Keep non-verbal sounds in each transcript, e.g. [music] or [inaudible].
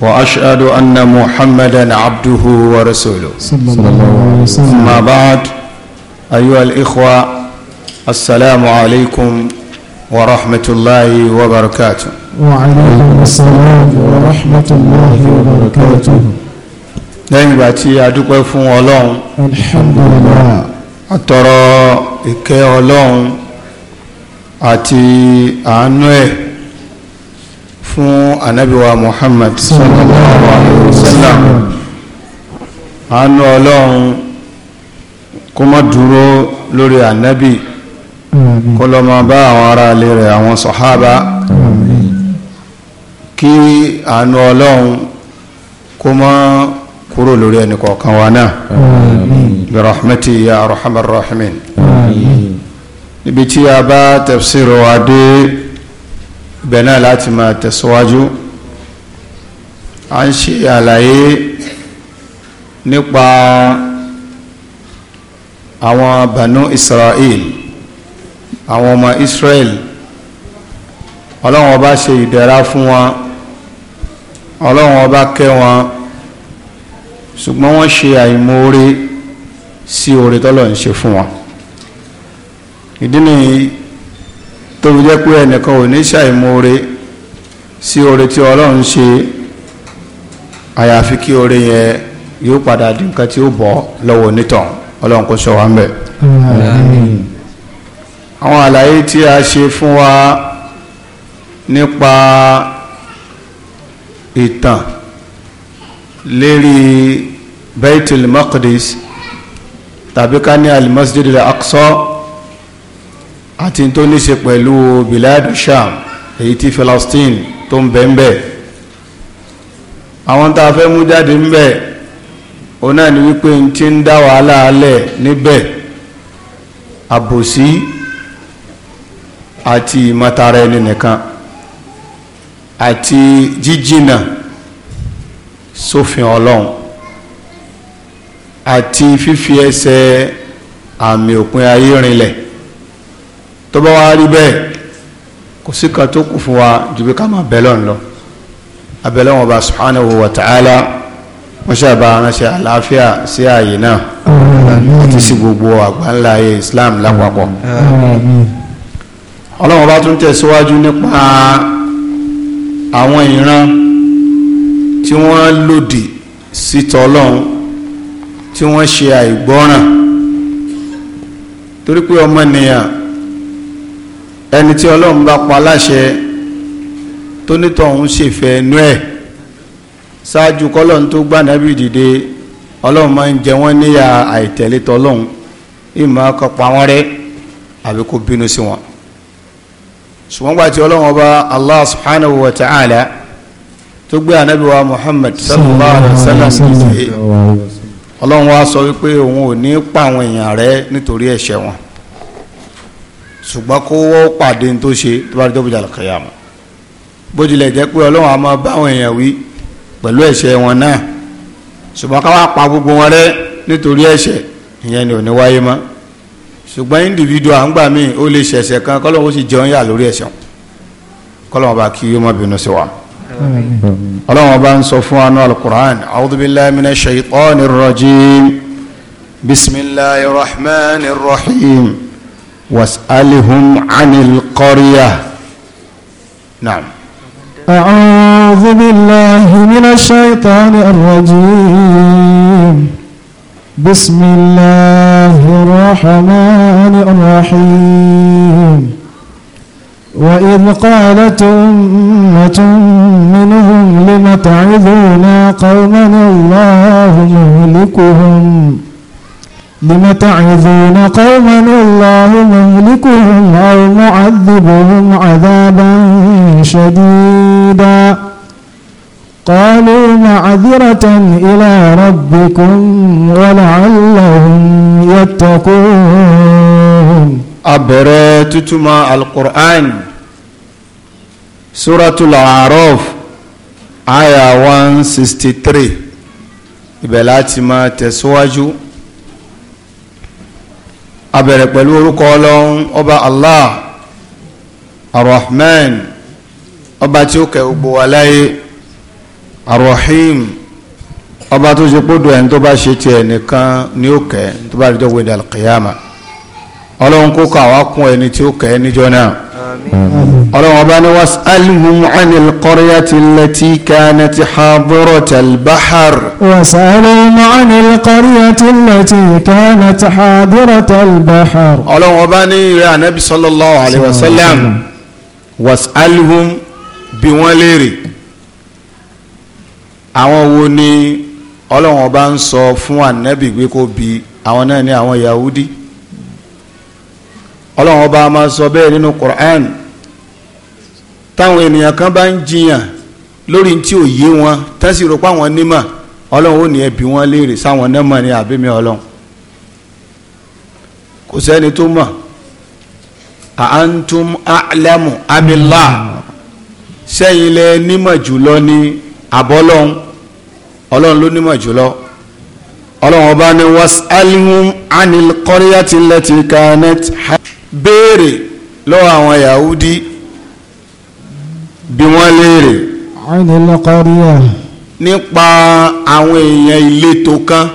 وأشهد أن محمدا عبده ورسوله صلى الله عليه وسلم ما بعد أيها الإخوة السلام عليكم ورحمة الله وبركاته وعليكم السلام ورحمة الله وبركاته lẹ́yìn ìgbà tí a الله. الحمد لله. alhamdulillah àtọrọ الله ọlọ́run àti fún anabiwa muhammad sallallahu alaihi wasallam àánú ọlọ́run kó má dúró lórí anabi kó lọ máa bá àwọn ará ilé rẹ̀ àwọn sọ̀hábà kí àánú ọlọ́run kó má kúrò lórí ẹnì wa náà bi rahmati ya arhamar rahimin níbi tí a bá tafsir bẹ̀ẹ̀ náà láti máa tẹ̀síwájú a ń ṣe àlàyé nípa àwọn banu Israel àwọn ọmọ Israel ọlọ́run ọba ṣe ìdẹ̀ra fún wọn ọlọ́run ọba kẹ́ wọn ṣùgbọ́n wọ́n ṣe àìmoore sí oore ń ṣe fún wọn ìdí nìyí tó fi jẹ́ pé ẹnìkan ò ní ṣàìmoore sí oore tí ọlọ́run ṣe àyàfi kí oore yẹn yóò padà di nǹkan tí ó bọ́ lọ́wọ́ onítàn ọlọ́run kò sọ wá ń bẹ̀. àwọn àlàyé tí a ṣe fún wa nípa ìtàn lérí Baitul Maqdis tàbí ká ní al-Masjid aqsa àti tó ní ṣe pẹ̀lú bilad sham èyí tí Palestine tó ń bẹ ń bẹ àwọn tá a fẹ́ mú jáde ń bẹ òun náà ni wípé n ti ń dá wàhálà alẹ̀ níbẹ̀ àbòsí àti ìmọ̀tara ẹni nìkan àti jíjìnà sófin ọlọ́run àti fífi ẹsẹ̀ àmì òpin ayé rinlẹ̀ tó bá wá rí bẹ́ẹ̀ kò sí kan tó kù fún wa ju bí ká máa bẹ̀lọ̀ ń lọ abẹ́lẹ́ wọn bá subhanahu wa wọ́n ṣàbá ránṣẹ́ àlàáfíà sí ààyè náà àti sí gbogbo àgbáńlá ayé Islam lápapọ̀ ọlọ́run bá tún tẹ̀síwájú nípa àwọn ìran tí wọ́n lòdì sí tọ́lọ́run tí wọ́n ṣe àìgbọ́ràn torí pé ọmọnìyàn ẹni tí ọlọ́run bá pa láṣẹ tó nítọ̀hún ṣèfẹ́ ẹnu ẹ̀ ṣáájú kọ́lọ́run tó gbà nábì dìde ọlọ́run máa ń jẹ wọ́n níyà àìtẹ̀lé tọ́lọ́run ìmọ̀ ọkọ̀ pa wọ́n rẹ́ àbí kó bínú sí wọn ṣùgbọ́n gbà tí ọlọ́run ọba allah subhanahu wa ta'ala tó gbé ànábì wa muhammad sallallahu alaihi wa sallam ọlọ́run wa sọ wípé òun ò ní pa àwọn èèyàn rẹ̀ nítorí ẹ̀ṣẹ̀ wọn ṣùgbọ́n kó wọ́n pàdé tó ṣe tó bá rí tó bójú àlùkìyàmà bójúlẹ̀ jẹ́ pé ọlọ́run àmọ́ báwọn èèyàn wí pẹ̀lú ẹ̀ṣẹ̀ wọn náà ṣùgbọ́n ká wá pa gbogbo wọn rẹ́ nítorí ẹ̀ṣẹ̀ ìyẹn ni ò ní wáyé mọ́ ṣùgbọ́n individual àǹgbà míì ó lè ṣẹ̀ṣẹ̀ kan kọ́lọ́wọ́ sì jẹun yà lórí ẹ̀ṣẹ̀ kọ́lọ́wọ́ bá kí yóò má bínú sí wa. ọlọ́run bá ń sọ fún anú alukur'an a'udhu billahi minash shaitanir rajim bismillahir rahmanir rahim. واسألهم عن القرية نعم أعوذ بالله من الشيطان الرجيم بسم الله الرحمن الرحيم وإذ قالت أمة منهم لم تعظونا قوما الله مهلكهم لم تعظون قوما الله مهلكهم أو معذبهم عذابا شديدا قالوا معذرة إلى ربكم ولعلهم يتقون أبرتتما القرآن سورة الأعراف آية 163 ibẹ̀ تسواجو abẹ̀rẹ̀ pẹ̀lú orúkọ ọlọ́run ọba allah arrahman ọba tí ó kẹ́ gbogbo wa láyé arrahim ọba tó ṣe kpódò ẹni tó bá ṣe tiẹ̀ nìkan ni ó kẹ́ tó bá rí jọ́ wẹ̀dẹ̀ alqiyama ọlọ́run kó kà wá ẹni tí ó kẹ́ níjọ́ náà ọlọ́wọ́n bá ní wasalhum anil qaryati allati kanat hadiratal bahar. wasalhum anil qaryati allati kanat hadiratal bahar. ọlọ́wọ́n bá ní ìrẹ́ anabi sallallahu alayhi wa sallam wasalhum bí wọ́n léèrè àwọn wo ni ọlọ́wọ́n bá ń sọ fún anabi pé kó bi àwọn náà ní àwọn yahudi ọlọ́run ọba máa sọ bẹ́ẹ̀ nínú Qur'an táwọn ènìyàn kan bá ń jiyàn lórí tí ò yé wọn tẹ́sí rò pé àwọn nímọ̀ ọlọ́run ò ní ẹbí wọn léèrè sáwọn nímọ̀ ní àbímí ọlọ́run kò sẹ́ni tó mọ̀ àǹtúm àlẹ́mù abilá sẹ́yìn lẹ nímọ̀ jùlọ ní àbọ́lọ́hún ọlọ́run ló nímọ̀ jùlọ ọlọ́run ọba ni wasalhum anil qaryati allati kanat béèrè lọ́wọ́ àwọn Yahudi bí wọ́n léèrè nípa àwọn èèyàn ìletò kan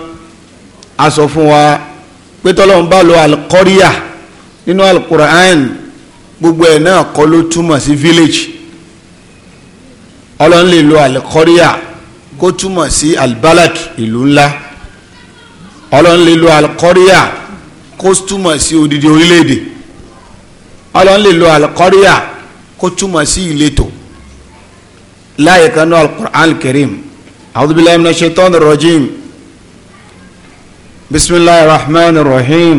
a sọ fún wa pé tọ́lọ́run bá lo alkọ́ríà nínú alkùrán gbogbo ẹ̀ náà kọ́ ló túmọ̀ sí village ọlọ́run lè lo alkọ́ríà kó túmọ̀ sí albalak ìlú ńlá ọlọ́run lè lo alkọ́ríà kó túmọ̀ sí odidi orílẹ̀-èdè ọlọ́run lè lo alikọ́ríà kó túmọ̀ sí ìletò láyé kan ní alukur'an kirim awudubilayi mina shaitan rojim bisimilayi rahman rahim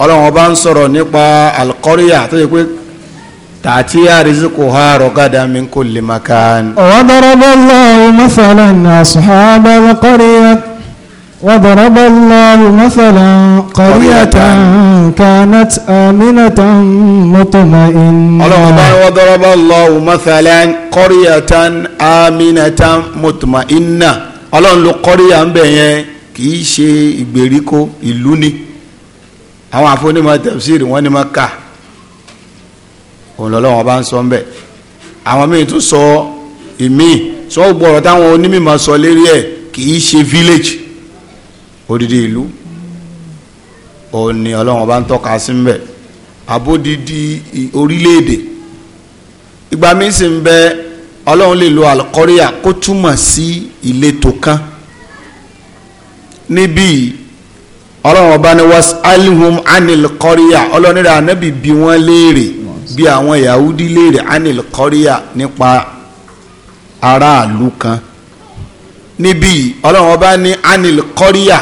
ọlọ́run ọba ń sọ̀rọ̀ nípa alikọ́ríà tó yẹ pé tàtíyà rizikù ha rọ̀gádà min kulli makan. ọ̀wọ́ dọ́rọ́ bọ́lá ọmọ sọ̀rọ̀ ní asùnhà bẹ́ẹ̀ وضرب الله مثلا قرية كانت آمنة مطمئنة الله وضرب الله مثلا قرية آمنة مطمئنة ọlọ́run ló kọ́ríyà ń bẹ̀ yẹn kì í ṣe ìgbèríko ìlú ni àwọn àfonímọ̀ tẹ̀síìrì wọ́n ní mọ̀ ká òun lọ́lọ́wọ́n bá ń sọ ń àwọn míì tún sọ ìmíì sọ gbọ́rọ̀ táwọn onímọ̀ sọ lérí ẹ̀ kì í ṣe village odidi ìlú òun ni ọlọ́run bá ń tọ́ka sí ń bẹ̀ abódidi orílẹ̀-èdè ìgbà mi sì ń bẹ ọlọ́run lè lo alukọ́ríà kó túmọ̀ sí ìletò kan níbí ọlọ́run ọba ni was alihum anil kọ́ríà ọlọ́run anabi ànábì bí wọ́n léèrè bí àwọn yahudi léèrè anil kọ́ríà nípa aráàlú kan níbí ọlọ́run ọba ní anil kọ́ríà.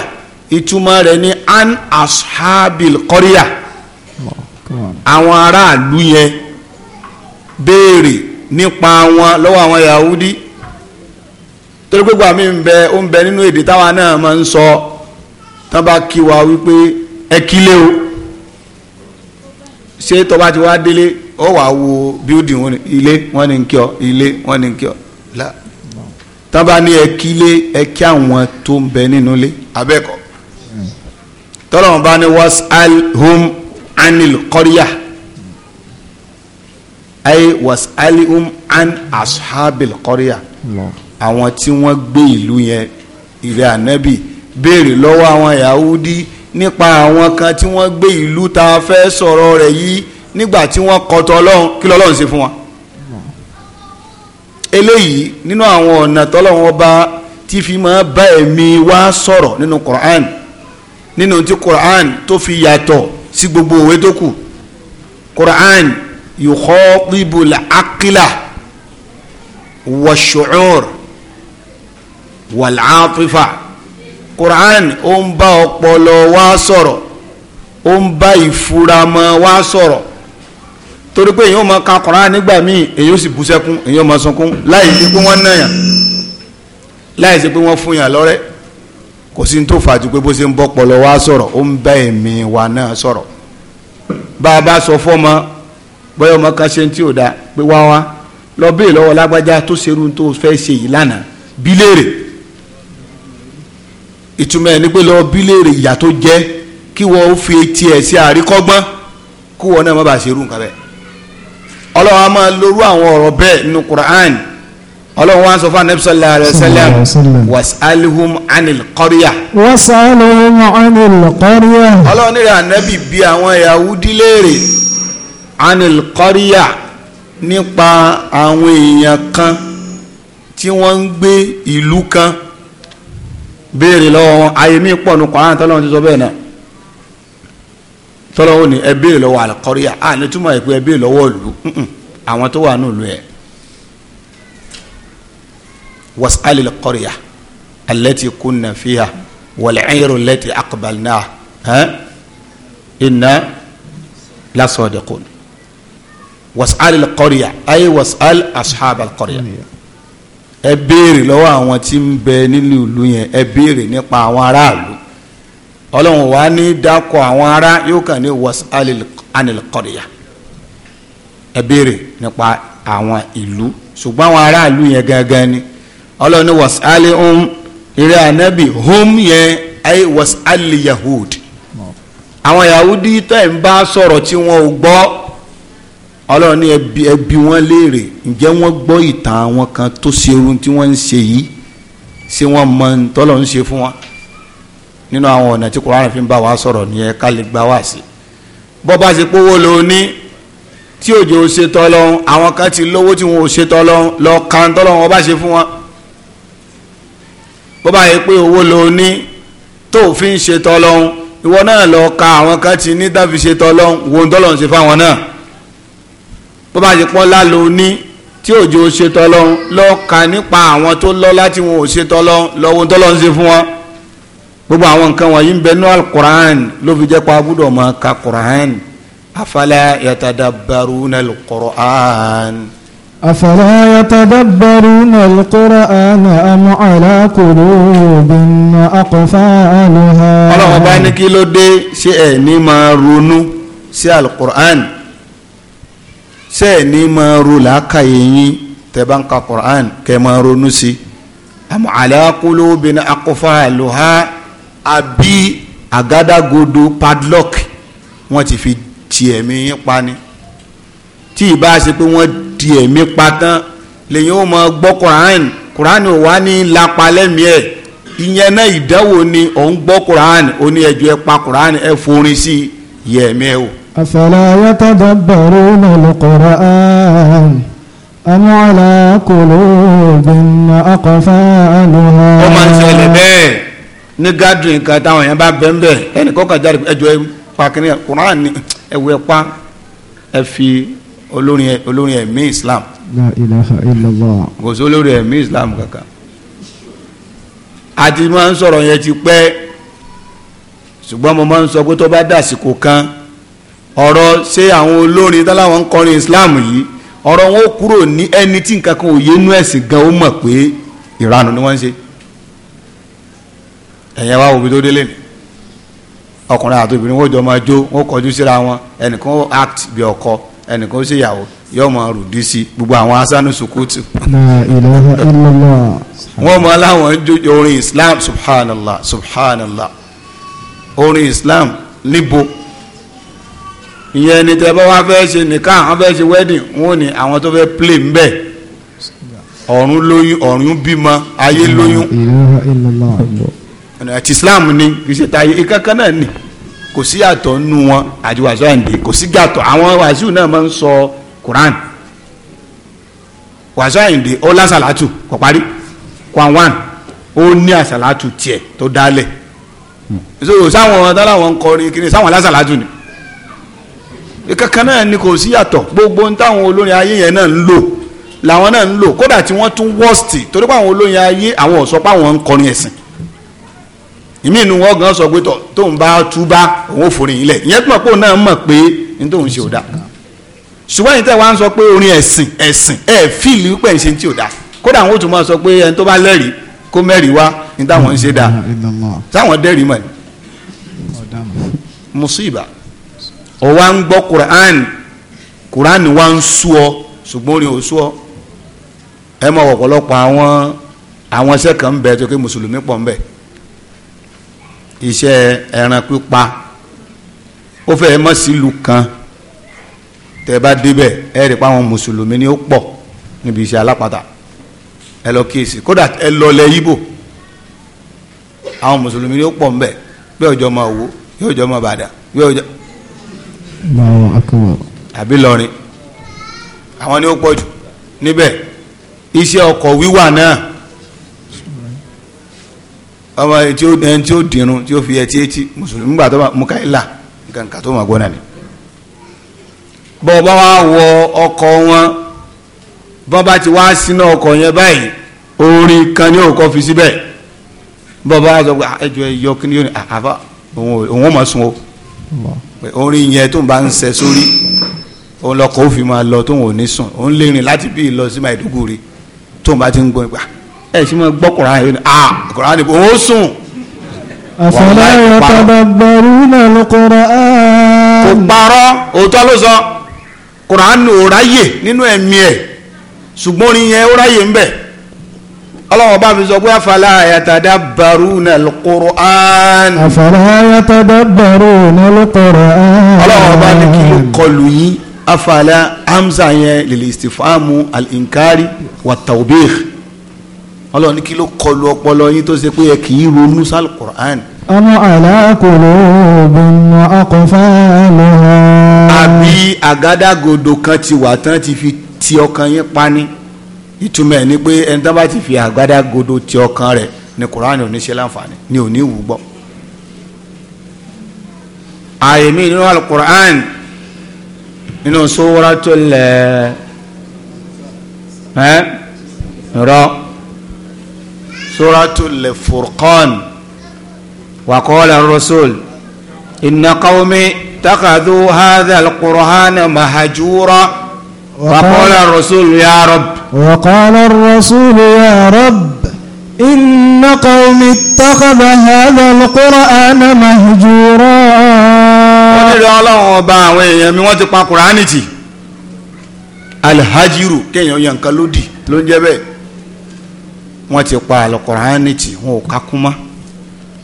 ìtumọ̀ rẹ̀ ní an ashabil kọ́ríà àwọn aráàlú yẹn béèrè nípa wọn lọ́wọ́ àwọn yahudi torí pé gbàmí ń bẹ ó ń bẹ nínú èdè táwa náà máa ń sọ tán bá kí wa wípé ẹ kílé o ṣé tó bá ti wá délé ó wàá wo bíódì wọn ilé wọn ni ń kí ọ ilé wọn ni ń kí ọ tán bá ní ẹ kílé ẹ kí àwọn tó ń bẹ nínú ilé abẹ́kọ̀ọ́ tọ́lọ́wọ́n bá ní wasalhum anil kọ́ríyà ayé wasalhum an ashabil kọ́ríyà àwọn tí wọ́n gbé ìlú yẹn ìrẹ́ ànábì béèrè lọ́wọ́ àwọn yahudi nípa àwọn kan tí wọ́n gbé ìlú tá fẹ́ sọ̀rọ̀ rẹ̀ yìí nígbà tí wọ́n kọtọ ọlọ́run kí lọ́lọ́run ṣe fún wọn. eléyìí nínú àwọn ọ̀nà tọ́lọ́wọ́n bá tí fi máa bá ẹ̀mí wá sọ̀rọ̀ nínú Qur'an nínú ti Qur'an tó fi yàtọ̀ sí gbogbo òwe tó kù Qur'an yukhatibu al-aqla wash-shu'ur wal-'atifa Qur'an ó ń bá ọpọlọ wa sọ̀rọ̀ ó ń bá ìfuramọ́ wa sọ̀rọ̀ torí pé èyàn máa ka Qur'an nígbà míì èyàn sì bú sẹ́kún èyàn máa sunkún láì sí pé wọ́n náyàn láì sí pé wọ́n fún yàn lọ́rẹ́ kò sí tó fàájú pé bó ṣe ń bọ́ pọlọ wá sọ̀rọ̀ ó ń bẹ́ ẹ̀mí wa náà sọ̀rọ̀ bá a bá sọ fọ́mọ bóyá ọmọ kan ṣe ń tí ò da pé wá wá lọ bẹ́ẹ̀ lọ́wọ́ lágbájá tó ṣerú tó fẹ́ ṣe yìí lánàá bí ìtumọ̀ ẹ̀ ni pé lọ bí ìyà tó jẹ́ kí wọ́n fi etí ẹ̀ sí àríkọ́gbọ́n kí wọ́n náà má bàa ṣerú nǹkan bẹ́ẹ̀ ọlọ́wọ́ a máa lorú àwọn ọ̀rọ̀ bẹ́ẹ̀ nínú Qur'an ọlọ́run wa ń sọ fún anabi sallallahu alayhi wa sallam wasaluhum anil kọ́ríyà. wasaluhum anil kọ́ríyà. ọlọ́run nílẹ̀ anabi bí àwọn yahudi léèrè anil kọ́ríyà nípa àwọn èèyàn kan tí wọ́n ń gbé ìlú kan béèrè lọ́wọ́ wọn ayé mi pọ̀ nù kọ́ran tọ́lọ́run ti sọ bẹ́ẹ̀ náà tọ́lọ́run ni ẹ béèrè lọ́wọ́ alikọ́ríyà àní túmọ̀ ẹ̀ pé ẹ béèrè lọ́wọ́ ìlú àwọn tó wà nù ìlú yẹn was'al al-qaryah allati kunna fiha wal-'ayr allati aqbalnaha inna lasadiqun was'al أي qaryah ay was'al ashab al-qaryah ẹ béèrè lọ́wọ́ àwọn tí ń bẹ nínú ìlú yẹn ẹ béèrè nípa àwọn aráàlú ọlọ́run wa ní dákọ̀ àwọn ará yóò kàn ní was'al al-qaryah nípa àwọn ìlú ṣùgbọ́n àwọn aráàlú yẹn gangan ni ọlọ́run ní wasali um ìrẹ́ anabi hum yẹn ayé wasali Yahood. àwọn yahudi tẹ́ ń bá sọ̀rọ̀ tí wọ́n ò gbọ́ ọlọ́run ní ẹbí wọn léèrè ǹjẹ́ wọ́n gbọ́ ìtàn àwọn kan tó ṣerú tí wọ́n ń ṣe yìí ṣé wọ́n mọ tọ́lọ̀ ń ṣe fún wọn nínú àwọn ọ̀nà tí kòránì fi ń bá wa sọ̀rọ̀ ní ẹ̀ka lè gbá wá sí bọ́ bá ṣe pówó lo ní tí òjò ṣe tọ́lọ́run àwọn kan ti lówó tí wọn ò ṣe tọ́lọ́run lọ́ọ́ kan tọ́lọ́run ọba ṣe fún wọn bó bá yẹ pé owó lo ní tó fi ń ṣe tọlọ́hún ìwọ náà lọ ka àwọn kan ti ní tá fi ṣe tọlọ́hún wo ń tọ́lọ́hún ṣe fáwọn náà bó bá yẹ pọ́n lálo ní tí òjò ṣe tọlọ́hún lọ ka nípa àwọn tó lọ láti wọn ò ṣe tọlọ́hún lọ wo ń tọ́lọ́hún ṣe fún wọn gbogbo àwọn nǹkan wọ̀nyí ń bẹ ní alukur'an ló fi jẹ́ pa gbọ́dọ̀ máa ka kur'an afala yatadabbaruna alukur'an. أفلا يتدبرون القرآن أم على قلوب أقفالها ọlọ́run ọba ní kí ló dé ṣé ẹ̀ ní máa ronú sí alukur'an ṣé ẹ̀ ní máa ro làákàyè yín tẹ́ bá ń ka kur'an kẹ́ máa ronú sí am ala qulubin aqfaluha àbí àgádágodo padlock wọ́n ti fi tiẹ̀ mí yín pa ni tí ì bá ṣe pé wọ́n di ẹ̀mí patán lẹ́yìn ó máa gbọ́ Quran Quran ò wá ní lápá ẹ̀ ìyẹn náà ìdánwò ni òun gbọ́ Quran ó ní ẹjọ́ ẹ pa Quran ẹ forin sí yẹ ẹ o. أفلا يتدبرون القرآن أم على قلوب أقفالها. ó máa ń ṣẹlẹ̀ bẹ́ẹ̀ ní gádùn nǹkan táwọn èèyàn bá bẹ́ẹ̀ bẹ́ẹ̀ ẹnì kọ́kọ́ jáde ẹjọ́ ẹ pa kìnìún Quran ẹ̀wọ̀ ẹ̀ pa ẹ̀ fi olórin olórin ẹ̀mí islam. la ilaha illallah. kò sí olórin ẹ̀mí islam kankan. àti máa ń sọ̀rọ̀ yẹn ti pẹ́ ṣùgbọ́n mo máa ń sọ pé tó bá dàsìkò kan ọ̀rọ̀ ṣé àwọn olórin táláwọn ń kọrin islam yìí ọ̀rọ̀ wọn ó kúrò ní ẹni tí nǹkan kan ò yé nú ẹ̀sìn gan ó mọ̀ pé ìranù ni wọ́n ń ṣe ẹ̀yẹ wa òbí tó délé ni ọkùnrin àti obìnrin wọn jọ máa jó wọn kọjú síra wọn ẹnìkan act bí ọkọ ẹnìkan ó ṣèyàwó yóò máa rùdí sí gbogbo àwọn asánú sukutu. wọ́n mọ aláwọn jójó orin islam subhanallah subhanallah orin islam níbo ìyẹn ni tẹ bá wá fẹ́ ṣe nìkan àwọn fẹ́ ṣe wedding wọn ni àwọn tó fẹ́ play ń bẹ̀ ọ̀run lóyún ọ̀run bímọ ayé lóyún àti islam ni kì í ṣe tayé ìkankan náà ni kò sí yàtọ̀ nínú wọn àti wàásù àyìndé kò sí yàtọ̀ àwọn wàásù náà máa ń sọ Quran wàásù àyìndé ó lásàlátù kò parí kwan one ó ní àsàlátù tiẹ̀ tó dálẹ̀ so sáwọn táwọn ń kọrin kí ni sáwọn lásàlátù ni kankan náà ni kò sí yàtọ̀ gbogbo ń táwọn olórin ayé yẹn náà ń lò làwọn náà ń lò kódà tí wọ́n tún wọ́ọ̀sì torí pé àwọn olórin ayé àwọn ò sọ pé àwọn ń kọrin ẹ̀sìn ìmí inú wọn gan sọ pé tọ tóun bá túbá òun ò forí yín lẹ̀ ìyẹn tó mọ̀ pé òun náà mọ̀ pé ní tóun ṣe ò dáa ṣùgbọ́n ìtẹ̀ wá ń sọ pé orin ẹ̀sìn ẹ̀sìn ẹ̀ fíìlì wípé ẹ̀ ń ṣe tí ò dáa kódà àwọn òtún máa sọ pé ẹni tó bá lẹ́rìí kó mẹ́rìí wá ní táwọn ń ṣe dáa táwọn dẹ́rìí mọ̀ ní. musiba ó wá ń gbọ́ Quran Quran wá ń sú ọ ṣùgbọ́n orin ò sú ọ ẹ mọ̀ ọ̀pọ̀lọpọ̀ àwọn àwọn iṣẹ́ kan ń bẹ tó ké mùsùlùmí pọ̀ ń bẹ iṣẹ́ ẹran pípa ó fẹ́ mọ́ sílùú kan tẹ́ bá débẹ̀ ẹ rí i pé àwọn mùsùlùmí ni ó pọ̀ níbi iṣẹ́ alápatà ẹ lọ kíyèsí kódà ẹ lọ lẹ yíbò àwọn mùsùlùmí ni ó pọ̀ ńbẹ̀ bí ọjọ́ máa wò yóò jọ máa bàdà yóò jọ. àbí lọrin àwọn ni ó pọ̀ jù níbẹ̀ iṣẹ́ ọkọ̀ wíwà náà ọmọ tí ó ẹni tí ó dìrun tí ó fi ẹtí ẹtí mùsùlùmí gbà tó bá mú káyìlá nǹkan kà tó máa gbọ́ náà ni. bọ́ bá wá wọ ọkọ̀ wọn bọ́ bá ti wá sínú ọkọ̀ yẹn báyìí orin kan ní òkọ́ fi síbẹ̀ bọ́ bá sọ pé ah, ẹjọ́ ẹyọ kí ni yóò ní ah, àbá òun ò máa sun o orin yẹn tó ń bá ń sẹ sórí òun lọkọ̀ ó fi máa lọ tóun ò ní sùn òun lè rìn láti bí lọ sí Maiduguri tóun bá ti ń gbọ́ ìgbà ah, ẹ sì máa gbọ́ Kùránì yìí ah Kùránì yìí ó sùn. àfọlá yatatabbaruna al-Qur'an. kò parọ́ òótọ́ ló sọ Kùránì ò ráyè nínú ẹ̀mí ẹ̀ ṣùgbọ́n orin yẹn ó ráyè ń bẹ̀ ọlọ́wọ́ bá mi sọ pé àfàlà yatadabbaruna al-Qur'an. àfàlà yatadabbaruna al-Qur'an. ọlọ́wọ́ bá ní kí ló kọlù yín àfàlà hamza yẹn lil istifhamu al-inkari wa tawbih ọlọ́run ní kí ló kọlu ọpọlọ yín tó ṣe pé ẹ kì í ronú sal Qur'an. ọmọ aláàkóló ogun ọkọ̀fẹ́lẹ́hà. àbí àgádágodo kan ti wà tán ti fi ti ọkàn yín pani ìtumọ̀ ẹ̀ ni pé ẹni tán bá ti fi àgádágodo ti ọkàn rẹ̀ ni Qur'an ò ní ṣe láǹfààní ni ò ní wù gbọ́. àyèmí nínú al-Qur'an nínú suratul ẹ̀ rọ suratul furqan wa qala ar-rasul inna qawmi takadu hadha al-qur'ana mahajura wa qala ar-rasul ya rab wa rasul ya rab إن قوم اتخذ هذا القرآن مهجورا wọ́n nílò ọlọ́run ọba àwọn èèyàn mi wọ́n ti pa kùránì tì alhajiru kéèyàn yan nǹkan lódì ló ń jẹ́ bẹ́ẹ̀ wọ́n ti pa alukur'ani tì wọn ò kakú mọ́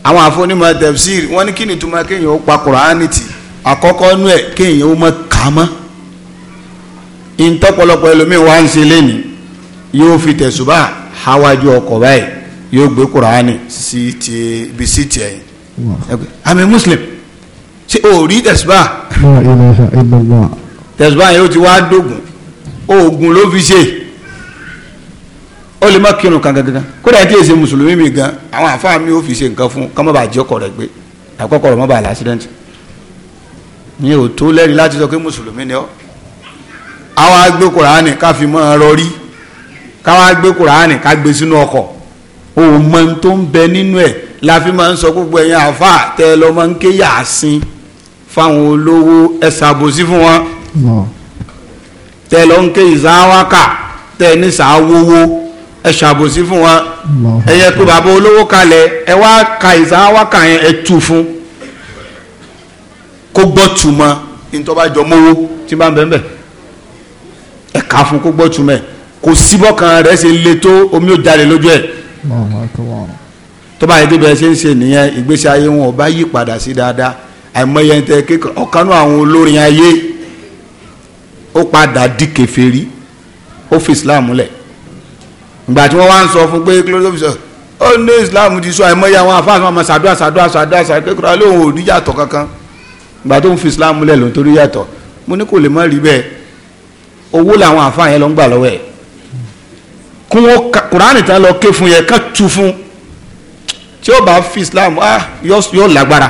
àwọn àfọnímọ̀ tẹ̀síìrì wọ́n ní kí ni túmọ̀ kéèyàn ó pa kur'ani tì àkọ́kọ́ nú ẹ̀ kéèyàn ó mọ̀ kà á mọ́ ìntọ́pọ̀lọpọ̀ ẹlòmíín wá ń ṣe lẹ́nu yóò fi tẹ̀sùbà háwájú ọkọ̀ báyìí yóò gbé kur'ani sí ti ibi sí ti ẹ̀yìn àmì muslim ṣe o rí tẹ̀sùbà tẹ̀sùbà yẹn ó ti wá dógùn oògùn ló fi ṣe ó lè má kírun kan gangan kódà tí èsì mùsùlùmí mi gan àwọn àfáà mi ò fi ṣe nǹkan fún kọ́ mọ́ bàa jẹ́ ọkọ̀ rẹ̀ gbé àkọ́kọ́ rẹ̀ mọ́ bàa l'accident ní ò lẹ́rìí láti sọ pé mùsùlùmí ni ọ́ àwọn agbé kùránì ká fi mọ́ ọ̀rọ̀ rí káwọn agbé kùránì ká gbé sínú ọkọ̀ òun mọ tó ń bẹ nínú ẹ̀ la fi máa ń sọ gbogbo ẹ̀yin àfáà tẹ́ ẹ lọ́ máa ń ké yàásín fáwọn olówó ẹ̀ fún wọn tẹ́ ẹ lọ́ ń ké ìsáwákà tẹ́ ẹ ní sàáwówó ẹ ṣàbòsí fún wa ẹ yẹ pé bàbá olówó kalẹ̀ ẹ wá ka ìsá wá kà yẹn ẹ tu fún kó gbọ́ tùmọ̀ ntọ́bàjọ́ mowó tí bá ń bẹ̀ ń bẹ̀ ẹ kà fún kó gbọ́ tùmọ̀ ẹ kò síbọ̀ kan rẹ̀ ṣe le tó omi ò jalè lójú ẹ̀ tó bá yẹ kí ṣe ń ṣe nìyẹn ìgbésí ayé wọn ò bá yí padà sí dáadáa àìmọye ẹ̀ ń tẹ kékeré ọ̀kanú àwọn olórin ayé ó padà di kèfèrí ó fi Islam lẹ̀ ìgbà tí wọ́n wá ń sọ fún pé kílólófìsọ ó ní islam ti sọ àìmọye àwọn àfáàsì wọn máa ṣàdúrà ṣàdúrà ṣàdúrà ṣàdúrà kékeré lóhùn ò ní yàtọ̀ kankan ìgbà tó ń fi islam múlẹ̀ ló ń torí yàtọ̀ mo ní kò lè má rí bẹ́ẹ̀ owó làwọn àfáà yẹn lọ ń gbà lọ́wọ́ ẹ̀ kún wọn kùránì tán lọ ké fún yẹn ká tu fún tí ó bá fi islam yóò lágbára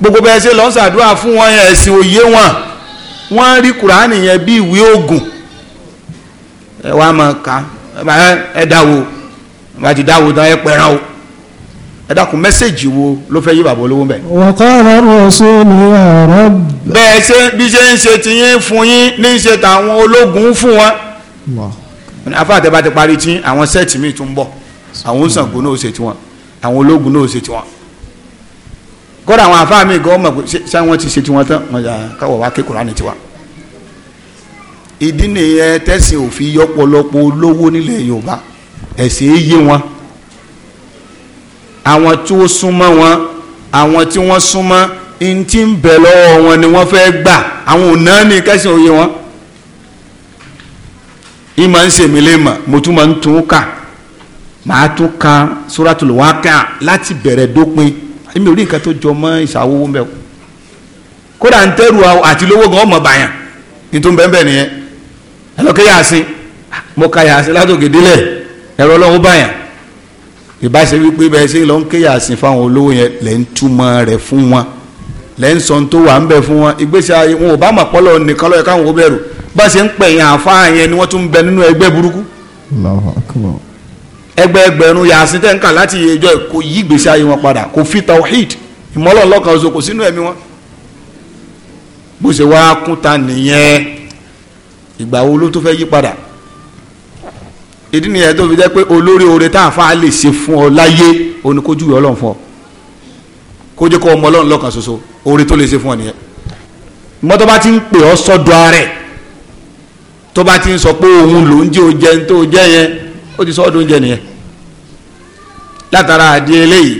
gbogbo bẹ́ẹ̀ ṣe lọ́n ṣàdúrà fún wọn yẹn ẹ̀sìn òye wọn wọ́n rí kùránì yẹn bí ìwé ògùn ẹ wá máa kà ẹ dáwó bá ti dáwó tán ẹ pẹ̀ràn o ẹ dákun mẹ́sẹ̀gì wo ló fẹ́ yí bàbá olówó bẹ̀. wàkàrà rọ̀ṣọ́ ni ọ̀rọ̀. bẹ́ẹ̀ ṣe bí ṣe ń ṣe ti yín fún yín ní í ṣe tàwọn ológun fún wọn. afáàtẹ bá ti parí tí àwọn sẹ́ẹ̀tì míì tún bọ̀ àwọn Ṣàngó náà ó ṣe tiwọn àwọn ológun náà ó ṣe tiwọn. kódà àwọn afáàmì gan ṣé wọ́n ti ṣe tiwọn tán wọ́n yà káwọ̀ wá ké Kùránì tiwọn ìdí nìyẹn tẹ̀sìn ò fi yọpọlọpọ olówó nílẹ̀ yorùbá ẹ̀sìn yé wọn àwọn tí ó súnmọ́ wọn àwọn tí wọ́n súnmọ́ n tí ń bẹ lọ́wọ́ wọn ni wọ́n fẹ́ gbà àwọn ò náà ní kẹ́sìn òye wọn ìmọ̀ ń sèmi lè mo tún máa ń tún kà màá tún ka suratul Waqi'a láti bẹ̀rẹ̀ dópin èmi ò rí nǹkan tó jọ mọ́ ìṣàwọ́wọ́ mẹ́wọ́ kódà ń tẹ́rù àti gan ọmọ bàyàn ní tó ń bẹ́ẹ̀ bẹ́ẹ̀ nìyẹn ẹlọ́kẹ́ yà á sin mo ka yà á sin látòkè délẹ̀ ẹ̀rọ ọlọ́run báyà ìbáṣe wípé bẹ́ẹ̀ ṣe lọ́n ké yà á sin fáwọn olówó yẹn lẹ́ ń túmọ̀ rẹ̀ fún wọn lẹ́ ń sọ tó wà ń bẹ̀ fún wọn ìgbésí ayé wọn ò bá mà pọ́lọ́ nìkan lọ́yẹ káwọn ò bẹ̀rù bá ṣe ń pẹ̀yìn àfáà yẹn ni wọ́n tún bẹ nínú ẹgbẹ́ burúkú ẹgbẹ́ ẹgbẹ̀rún yà á tẹ́ǹkà láti ìjọ kò yí ìgbésí ayé wọn padà kò fi tawhid ìmọ̀lọ́ oṣù kò sínú ẹ̀mí wọn bó ṣe wá kúta nìyẹn ìgbà wo ló tó fẹ́ yí padà ìdí nìyẹn tó fi jẹ́ pé olórí oore tá à ń fa lè ṣe fún ọ láyé òní kó júwe ọlọ́run fún ọ kó jẹ́ kó ọmọ ọlọ́run lọ́kàn ṣoṣo oore tó lè ṣe fún ọ nìyẹn mọ́tò bá ti ń pè ọ́ sọ́dọ̀ ara tó bá ti ń sọ pé òun ló ń jẹ́ oúnjẹ tó jẹ́ yẹn ó ti sọ́dọ̀ oúnjẹ nìyẹn látara àdí eléyìí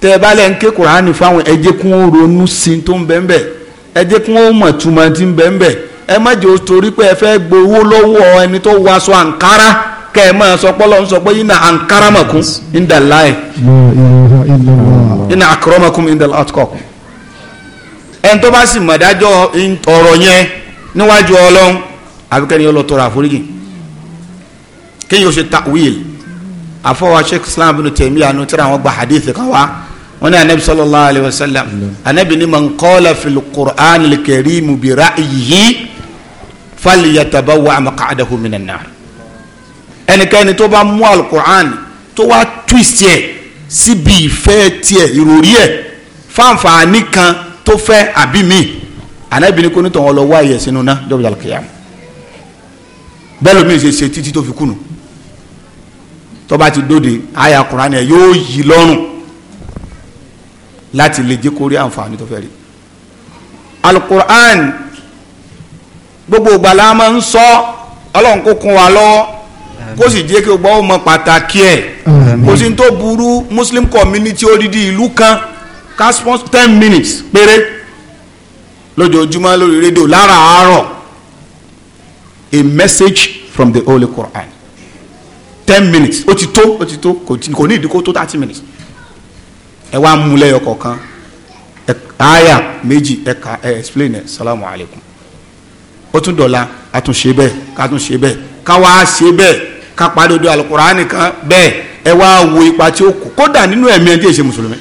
tẹ́ ẹ bá lẹ́ ń ké kùránì fáwọn ẹ jẹ́ kí ronú sí tó ń bẹ́ẹ̀ bẹ́ẹ̀ ẹ jẹ́ kí mọ̀ túmọ̀ tí ń bẹ́ẹ̀ bẹ́ẹ̀ ẹ má jẹ́ torí pé ẹ fẹ́ gbowó lọ́wọ́ ẹni tó wọ aṣọ àǹkárá kẹ́ ẹ máa sọ pọ́lọ́ ń sọ pé yìí na àǹkárá mọ̀kún indalaye yìí na àkọ́rọ́ mọ̀kún indalatkọ́ ẹni tó bá sì mọ̀ dájọ́ ọ̀rọ̀ yẹn níwájú ọlọ́run àbíkẹ́ni yóò lọ tọrọ àforíjì kéèyàn ó ṣe ta'wil àfọwọ́ sheikh islam bin tèmíyà nu tíra àwọn gba hadith kan wá wọn ní anabi sallallahu alayhi wa sallam anabi ni man qala fil qur'an al-karim bi ra'yihi falyatabawwa maq'adahu minan nar ẹnikẹ́ni tó bá mú alukur'an tó wá twist yẹ síbi ìfẹ́ tiẹ̀ ìròrí ẹ̀ fáǹfààní kan tó fẹ́ àbí mi ànábìíní kò ní tọ̀wọ́ lọ wá ẹ̀yẹ sínú ná jọ́bi alukiyam bẹ́ẹ̀ lómi ṣe ṣe títí tó fi kùnú tó bá ti dóde àyà kur'an ẹ̀ yóò yí lọ́rùn láti lè jẹ́ kó rí àǹfààní tó fẹ́ rí alukur'an gbogbo ìgbàlá máa ń sọ ọlọ́run kó kún wa lọ́wọ́ kó sì jẹ́ kí o gbọ́ ọmọ pàtàkì ẹ̀ kò sí tó burú muslim community odidi ìlú kan ká sponsor ten minutes péré lójoojúmọ́ lórí rédíò láràárọ̀ a message from the holy quran ten minutes ó ti tó ó ti tó kò ní ìdíkó tó thirty minutes ẹ wá mú lẹ́yọ kọ̀ọ̀kan ẹ̀ aya méjì ẹ̀ ká ẹ̀ explain ẹ̀ salamu alaykum ó tún dọ̀la a tún ṣe bẹ́ẹ̀ ká tún ṣe bẹ́ẹ̀ ká wá ṣe bẹ́ẹ̀ ká parí odò alukurani kan bẹ́ẹ̀ ẹ wá wo ipa tí ó kó kódà nínú ẹ̀mí ẹ̀ ń tí ì ṣe mùsùlùmí.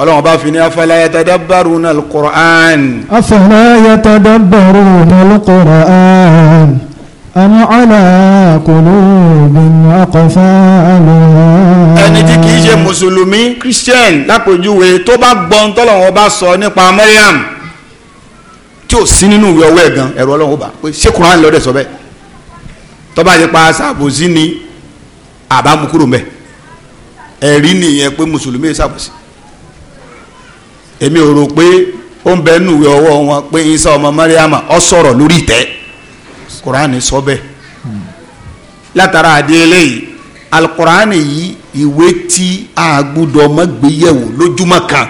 ọlọ́run bá fi ní afala yatadabbaruna alukurani. afala yatadabbaruna alukurani. am ala qulubin aqfaluha. ẹni tí kì í ṣe mùsùlùmí christian lápèjúwe tó bá gbọ́n tọ́lọ́run bá sọ nípa Maryam tí ò sí nínú ìwé ọwọ́ ẹ̀ gan ẹ̀rọ ọlọ́run ó bà pé ṣé Kùránì lọ́dẹ̀ sọ bẹ́ẹ̀ tọ́ba yẹn pa ṣàbòsí ni àbámukúrò mẹ́ ẹ̀rí nìyẹn pé mùsùlùmí ṣàbòsí èmi ò rò pé ó ń bẹ nínú ìwé ọwọ́ wọn pé Isa ọmọ Mariama ọ sọ̀rọ̀ lórí ìtẹ́ Kùránì sọ bẹ́ẹ̀ látara àdé eléyìí alukùránì yìí ìwé tí a gbúdọ̀ mọ́ gbéyẹ̀wò lójúmọ́ kan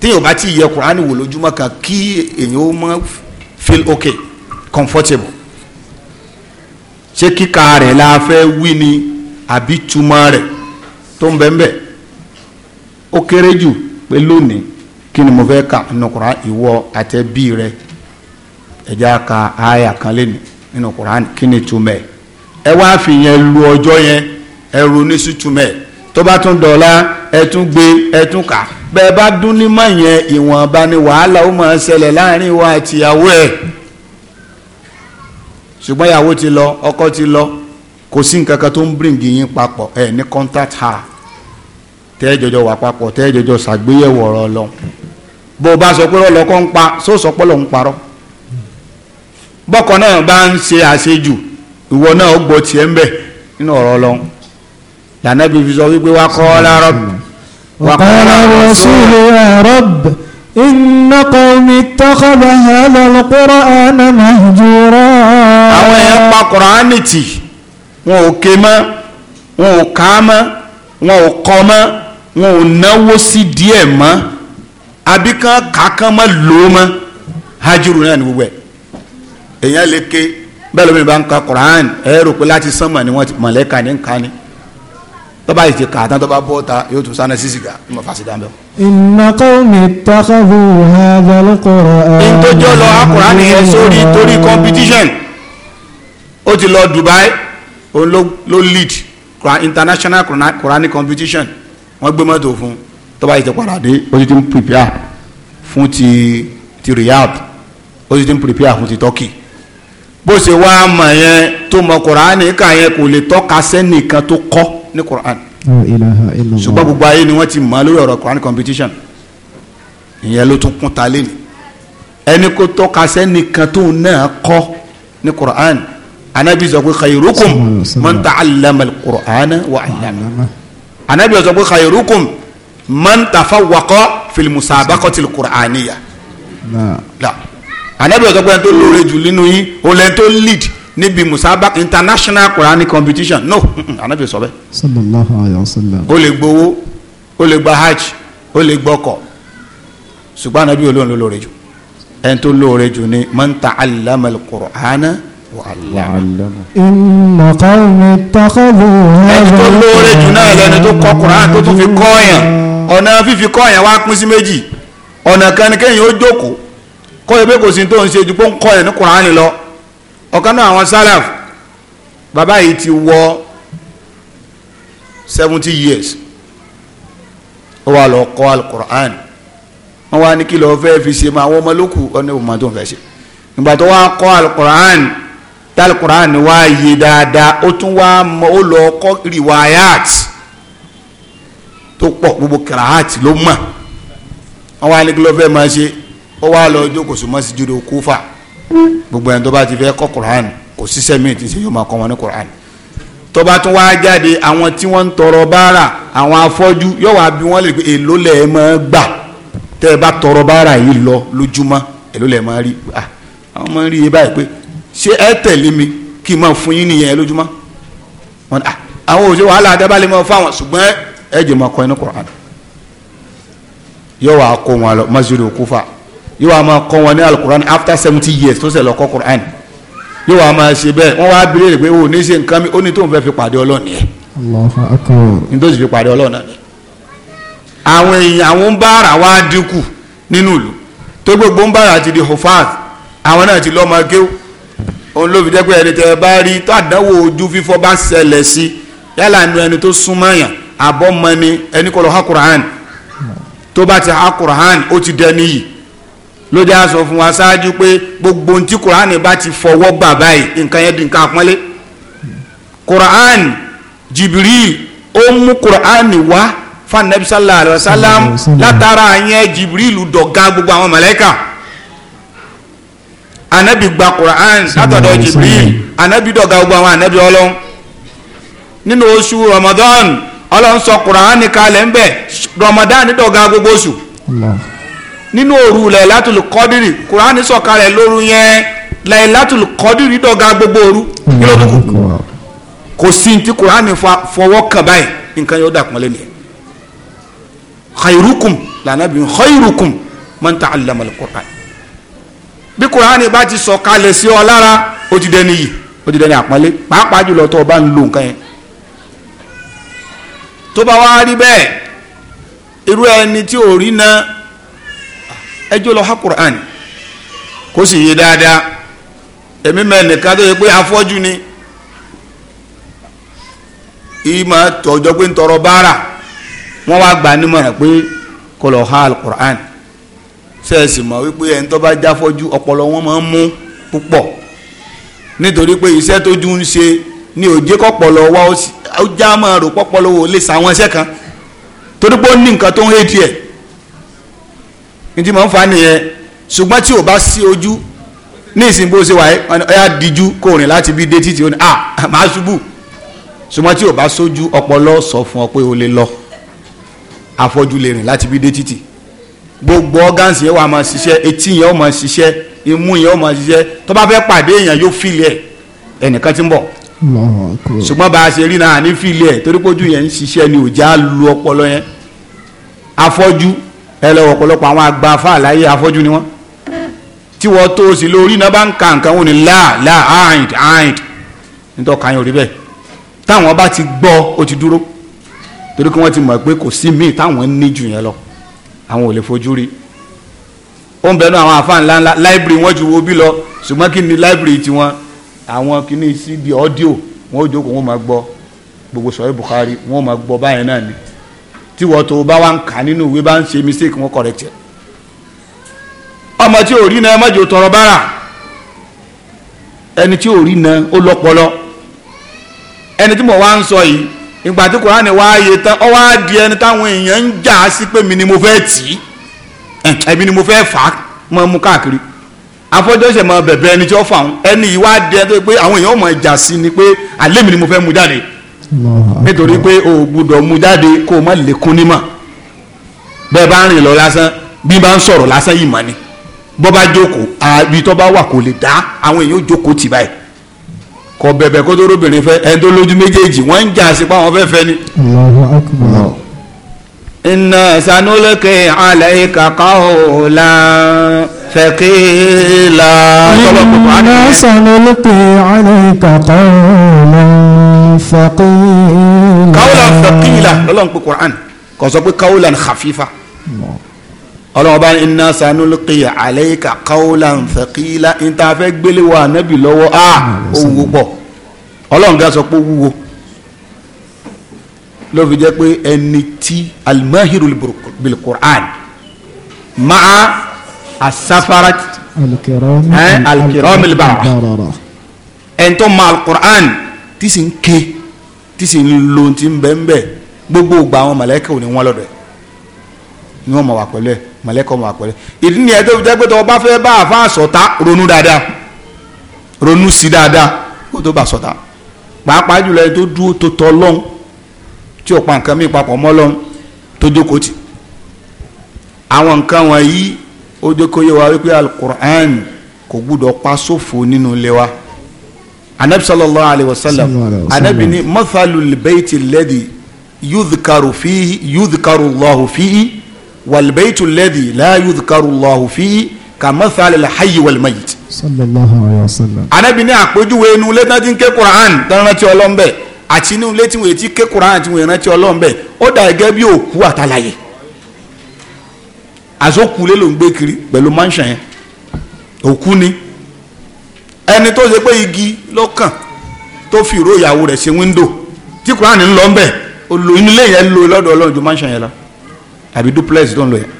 téèyàn bá ti yẹ kuraani wò lójúmọ́ kan kí èèyàn ó mọ feel okay comfortable ṣé kíka rẹ̀ la fẹ́ wí ni àbí túmọ̀ rẹ̀ tó ń bẹ́ẹ̀ bẹ́ẹ̀ ó kéré jù pé lónìí kí ni mo fẹ́ kà nínú kuraani ìwọ àtẹ̀bí rẹ̀ ẹ̀já ka àyà kan lé nínú kuraani kí ni túmọ̀ ẹ̀ ẹ wá fi yẹn lu ọjọ́ yẹn ẹ ronú sí túmọ̀ ẹ̀ tó bá tún dọ̀la ẹ̀tún gbé ẹ̀tún kà bẹ́ẹ̀ bá dún ní mọ̀ yẹn ìwọ̀nba ni wàhálà ó máa ṣẹlẹ̀ láàrin wa àtìyàwó ẹ̀ ṣùgbọ́n ìyàwó ti lọ ọkọ ti lọ kò sí nǹkan kan tó ń bring yín papọ̀ ẹ̀ ní contact her tẹ́ ẹ jọjọ wà papọ̀ tẹ́ ẹ jọjọ ṣàgbéyẹ̀wò ọ̀rọ̀ lọ bó o bá sọ pé ọlọ́kọ́ ń pa só sọ pé ọlọ́run parọ́ bọ́kọ náà bá ń ṣe àṣejù ìwọ náà ó gbọ́ tiẹ̀ ń bẹ̀ nínú ọ̀rọ̀ lọ lànà fi sọ wípé wá kọ́ lára bù. وقال الرسول يا رب إن قومي اتخذ هذا القرآن مهجورا àwọn èèyàn pa kùránì tì wọn ò ké mọ́ wọn ò kà á mọ́ wọn ò kọ́ mọ́ wọn ò náwó sí díẹ̀ mọ́ àbí kan kàákan mọ́ lò ó mọ́ hajuru náà ni gbogbo ẹ̀ èèyàn lè ké bẹ́ẹ̀ lómi bá ń ka kùránì ẹ̀rọ pé láti sánmà ni wọ́n ti mọ̀lẹ́ka ní nǹkan ni tọ́ba yìí ti kà á tán tọ́ba bọ́ ta yóò tún sáná sí sìgá ní ma fàṣẹ dáńbẹ́. inna qawmi ittakhadhu hadha al-Qur'an. ìtòjọ́ lọ akùnrin nìyẹn sórí torí competition ó ti lọ Dubai ó ló lead international Quranic competition wọ́n gbé mọ́tò fún tọ́ba yìí ti padà dé ó ti ti ń prepare fún ti ti Riyadh ó ti ti ń prepare fún ti Turkey bó ṣe wá mọ̀ yẹn tó mọ Qur'an kà yẹn kò lè tọ́ka sẹ́nìkan tó kọ́ ní Quran ṣùgbọ́n gbogbo ayé ni wọ́n ti mọ̀ lórí ọ̀rọ̀ Quran competition ìyẹn ló tún kún ta lé ní ẹni kó tọ́ka sẹ́nìkan tó náà kọ́ ní Quran anabi sọ pé khayrukum man ta'allama al-Qur'ana wa 'allama anabi sọ pé khayrukum man tafawwaqa fil musabaqati anabi sọ pé ẹni tó lóore jù nínú yín òun tó lead níbi musaba international quranic competition no anabi sọ bẹ́ẹ̀. sallallahu alayhi wa sallam. o lè gbowó o lè gba hajj o lè gbọ́kọ̀ ṣùgbọ́n anabi olóhùn ló lóore jù ẹni tó lóore jù ni man ta'allama al-qur'ana wa 'allama. inna qawmi ittakhadhu. ẹni tó lóore jù náà lẹni tó kọ́ quran tó tún fi kọ́ yàn ọ̀nà fífi kọ́ yàn wá pín sí méjì ọ̀nà kan kéèyàn ó jókòó kọ́ ẹ pé kò sí tó ń ṣe ju pé ń kọ́ ní quran lọ ọ̀kan náà àwọn sálàf bàbá yìí ti wọ seventy years ó wà lọ kọ́ alukur'an wọ́n wá ní kí lọ́ọ́ fẹ́ fi ṣe máa wọ́n ọmọ lókù ọ̀nà ìwọ̀n tó ń fẹ́ ṣe ìgbà tó wá kọ́ alukur'an tá alukur'an wá yé dáadáa ó tún wá mọ ó lọ kọ́ riwayat tó pọ̀ gbogbo kiraat ló mọ̀ wọ́n wá ní kí lọ́ọ́ fẹ́ máa ṣe ó wá lọ jókòó sí mọ́sídìrì kúfà gbogbo ẹni tó bá ti fẹ́ kọ́ Quran kò síṣẹ́ míì tí ṣe yóò máa kọ́ wọn ní Quran tó bá tún wáá jáde àwọn tí wọ́n ń tọrọ báárà àwọn afọ́jú yóò wá bí wọ́n lè pe èló lẹ̀ ẹ́ máa gbà tẹ́ ẹ bá tọrọ báárà yìí lọ lójúmọ́ èló lẹ̀ máa rí ah àwọn máa ń rí iye báyìí pé ṣé ẹ tẹ̀lé mi kí n máa fún yín nìyẹn lójúmọ́ wọn ah àwọn òṣèré wàhálà adábàlẹ̀ máa fáwọn ṣùgbọ́n ẹ jẹ́ máa kọ́ inú Quran yóò wá kó wọn lọ masjid Kufa yóò wá máa kọ́ wọn ní alukur'an after seventy years tó ṣe lọ kọ́ kur'an yóò wá máa ṣe bẹ́ẹ̀ wọ́n wá bèrè pé o ní ṣe nǹkan mi ó ní tóun fẹ́ fi pàdé ọlọ́run yẹn ní tó sì fi pàdé ọlọ́run náà ni àwọn èèyàn àwọn ń bára wá dínkù nínú ìlú tó gbogbo ń bára ti di hofaz àwọn náà ti lọ́mọ géw òun ló fi jẹ́ pé ẹni tẹ́ ẹ bá rí tó àdánwò ojú fífọ́ bá ṣẹlẹ̀ sí yálà nu ẹni tó súnmọ́ yàn àbọ̀mọ́ni ẹni kọ́ lọ ha tó bá ti ha ó ti dẹni yìí ló jẹ́ àsọ fún wa ṣáájú pé gbogbo ohun tí kuraani bá ti fọwọ́ gbà báyìí nǹkan yẹn di nǹkan àpọ́nlé kuraani jibril ó mú kuraani wá fanabi sallallahu alayhi sallam látara yẹn jibril dọ̀gá gbogbo àwọn màláíkà anabi gba quran látọ̀dọ̀ jibril anabi dọ̀gá gbogbo àwọn anabi ọlọ́run nínú oṣù ramadan ọlọ́run sọ quran kalẹ̀ ń bẹ̀ ramadan dọ̀gá gbogbo oṣù. Allah nínú òru lailatul kọ́dírì kùránì sọ̀kalẹ̀ lóru yẹn lailatul kọ́dírì dọ̀gá gbogbo òru kí ló dùn kò sí ti kùránì fọwọ́ kàn báyìí nǹkan yóò dà pọ́nlé nìyẹn khairukum lànàbí khairukum man ta'allama al-Qur'an bí kùránì bá ti sọ̀kalẹ̀ sí ọ lára ó ti dẹni yìí ó ti dẹni àpọ́nlé pàápàá jùlọ tó o bá ń lo nǹkan yẹn tó bá wá rí bẹ́ẹ̀ irú ẹni tí ò rí náà ẹjọ́ lọ Qur'an kó sì yé dáadáa èmi mẹ́ nìkan tó yẹ pé afọ́jú ni ìmọ̀ tọ́jọ́ pé ń tọrọ báárà wọ́n wá gbà nímọ̀ràn pé kó lọ ha Qur'an sẹ́ẹ̀sì mọ̀ wípé ẹni tó bá jáfọ́jú ọpọlọ wọn máa ń mú púpọ̀ nítorí pé iṣẹ́ tójú ń ṣe ni òjé kọ́pọ̀lọ wa ó já máa rò pọ́pọ́lọ wò lè sàwọn iṣẹ́ kan torí pé ó ní nǹkan tó ń hé tiẹ̀ ntí mọ̀ ń fa nìyẹn ṣùgbọ́n tí o bá sí ojú ní ìsìn bó ṣe wà ẹ́ díjú kò rìn láti bí dé títí ó ní à ah, [laughs] máa ṣubú ṣùgbọ́n tí o bá sójú ọpọlọ sọ fún ọ pé o lè lọ afọ́jú lè rìn láti bí dé títì gbogbo ọ́gánsì yẹn wà máa ṣiṣẹ́ etí yẹn ó máa ṣiṣẹ́ imú yẹn ó máa ṣiṣẹ́ tó bá fẹ́ pàdé èèyàn yóò fìlì ẹ̀ ẹnìkan ti ń bọ̀ ṣùgbọ́n bá a ṣe rí náà ní fìlì ẹ̀ torí pójú yẹn ń ṣiṣẹ́ ni ò já lu ọpọlọ yẹn afọ́jú ẹ lọ́wọ́ ọ̀pọ̀lọpọ̀ àwọn àgbà fàlàyé afọ́jú ni wọ́n tí wọ́n tó o sì lórí iná bá ń ka nǹkan wọn ni láà láà àìnd àìnd nítorí ọkàn yóò rí bẹ́ẹ̀ táwọn bá ti gbọ́ ó ti dúró torí kí wọ́n ti mọ̀ pé kò sí míì táwọn ní jù yẹn lọ àwọn ò lè fojú rí ó ń bẹnu àwọn àfa ńlá ńlá láìbírì wọn ju wo lọ ṣùgbọ́n kí ni láìbírì tiwọn àwọn kìíní sí di ọ́díò wọn ò jókòó wọn máa gbọ́ gbogbo sọ̀rọ̀ Bukhari wọn máa gbọ́ báyẹn náà ni tí wọ́n tó bá wà ń kà nínú ìwé bá ń ṣe mistake wọn correct ẹ̀ ọmọ tí ò rí náà mọ́jọ tọrọ bára ẹni tí ò rí náà ó lọ́pọlọ ẹni tí mo wá ń sọ yìí ìgbà tí kòránì wá yé tán ọ wá di ẹni táwọn èèyàn ń jà sí pé mi ni mo fẹ́ tì í ẹ̀mí ni mo fẹ́ fà á mọ́ mú káàkiri afọjọsẹ mọ bẹ̀bẹ̀ ẹni tí ó fà ń ẹni yìí wá di ẹni tó pé àwọn èèyàn mọ ìjà sí ni pé àlẹ́ mi ni mo fẹ́ mú jáde nítorí pé o gbúdọ̀ mú jáde kó o má lékún nímọ̀ bẹ́ẹ̀ bá rìn lọ lásán bí bá ń sọ̀rọ̀ lásán yìí mọ̀ ni bọ́ bá jókòó àbí tó bá wà kò lè dá àwọn èèyàn jókòó tì báyìí kọ bẹ̀bẹ̀ kó tó fẹ́ ẹni lójú méjèèjì wọ́n ń jà sí pé àwọn fẹ́ fẹ́ ni inna sanulke alayka qawlan thaqila. inna sanulke alayka qawlan thaqila. qawlan thaqila lọ́lọ́run pé quran kò sọ pé qawlan khafifa ọlọ́run bá ní inna sanulke alayka qawlan thaqila níta fẹ́ gbélé wa nábì lọ́wọ́ a ah, ó wúwo pọ̀ ọlọ́run gá ló fi jẹ́ pé ẹni tí alimahiru bil Qur'an maa asafara alikiram ilbara ẹ̀ńtọ́ ma alukur'an tí sì ń ké tí sì ń lo ti ń bẹ́ẹ̀ bẹ́ẹ̀ gbogbo ògbà àwọn mọ̀lẹ́kẹ́ ò ní wọ́n lọ́dọ̀ ẹ̀ ni wọ́n mọ̀ wà pẹ̀lú ẹ̀ mọ̀lẹ́kẹ́ ọmọ wà pẹ̀lú ẹ̀ ìdí nìyẹn tó fi jẹ́ pé tó o fẹ́ bá àfa sọ̀tá ronú dáadáa ronú sí dáadáa kó tó bá sọ̀tá pàápàá jùlọ ẹni tó dúró tó tọ́ lọ́hùn tí ò pa nǹkan mí papọ̀ mọ́ Ọlọ́run tó jókòó tì àwọn nǹkan wọ̀nyí ó jókòó yẹ wa wípé alukur'an kò gbúdọ̀ pa sófo nínú ilé wa anabi sallallahu alayhi wa sallam anabi ni mathalul bayti alladhi yudhkaru fihi yudhkaru allahu fihi wal baytu alladhi la yudhkaru allahu fihi kàmọ́sálẹ̀ la hayi sallallahu alayhi wa sallam. anabi ní àpèjúwe inú lẹ́tàdínkẹ́ quran dáná tí ọlọ́mbẹ́ àti inú ilé tí wọ́n ti ké koran tí wọ́n rántí ọlọ́run bẹ́ẹ̀ ó dà gẹ́gẹ́ bí òkú àtàlàyé àzókulé ló ń gbé kiri pẹ̀lú mansion yẹn òkú ni ẹni tó ṣe pé igi ló kàn tó fi ìró ìyàwó rẹ̀ ṣe wíńdò tí koran ń lọ bẹ́ẹ̀ olò inú ilé yẹn lo lọ́dọ̀ ọlọ́run ju mansion yẹn lọ àbí duplex tó ń lò yẹn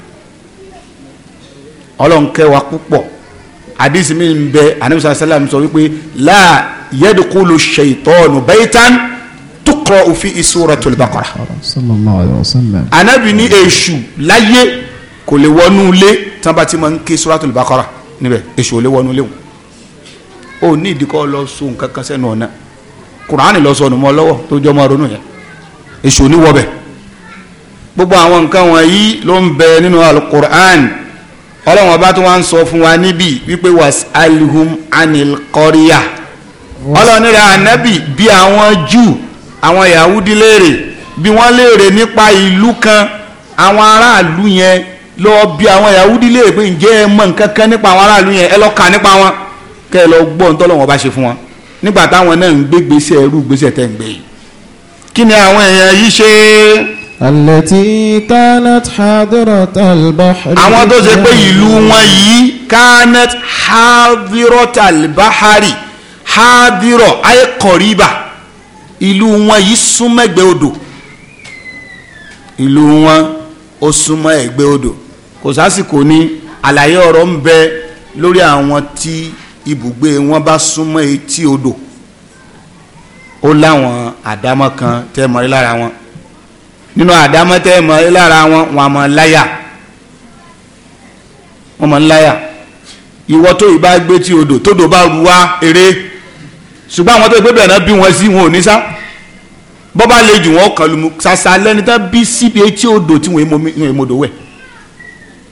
ọlọ́run kẹ́ wa púpọ̀ àdìsí mi ń bẹ àníbísà sálàmù sọ wípé láà yẹ́dùkú lu ṣèitọ́ọ̀nù bẹ́ẹ̀ tán yaqra'u fi suratul Baqara. anabi ní èṣù láyé kò lè wọnú ilé tán bá ti máa ń ké suratul Baqara níbẹ̀ èṣù ò lè wọnú ilé o ò ní ìdíkọ́ lọ so nǹkan kan sẹ́nu ọ̀nà kùránì lọ sọnù mọ́ lọ́wọ́ tó jọ máa ronú yẹn èṣù ò ní wọ bẹ̀ gbogbo àwọn nǹkan wọ̀nyí ló ń bẹ nínú alukur'an ọlọ́run ọba tó wá ń sọ fún wa níbí wípé was alhum anil kọ́ríyà ọlọ́run rẹ̀ bí àwọn júù àwọn Yahudi léèrè bí wọ́n léèrè nípa ìlú kan àwọn aráàlú yẹn lọ bí àwọn Yahudi léèrè pé ǹjẹ́ ẹ mọ̀ nǹkan kan nípa àwọn aráàlú yẹn ẹ lọ kà nípa wọn kẹ́ ẹ lọ gbọ́ ntọ́lọ́wọ́n bá ṣe fún wọn nígbà táwọn náà ń gbé gbèsè ẹrú gbèsè tẹ̀ ń gbé yìí kí ni àwọn èèyàn yìí ṣe. Allati kanat hadirat al Àwọn tó ṣe pé ìlú wọn yìí kanat hadirat al-bahri ayé kọ̀ríbà ìlú wọn yìí súnmọ́ ẹ̀gbẹ́ odò ìlú wọn ó súnmọ́ ẹ̀gbẹ́ odò kò sásìkò ní àlàyé ọ̀rọ̀ ń bẹ lórí àwọn tí ibùgbé wọn bá súnmọ́ etí odò ó láwọn àdámọ́ kan tẹ́ mọ́ lára wọn nínú àdámọ́ tẹ́ mọ́ lára wọn wọn mọ́ láyà wọn mọ́ láyà ìwọ tó ìbá gbé tí odò tódò bá ru wá eré ṣùgbọ́n àwọn tó gbé bẹ̀rẹ̀ náà bí wọn sí wọn ò ní sá bọ́ bá le jù wọn kàn lù mú ṣàṣà lẹ́ni tán bí síbi etí odò tí wọ́n èmodò wẹ̀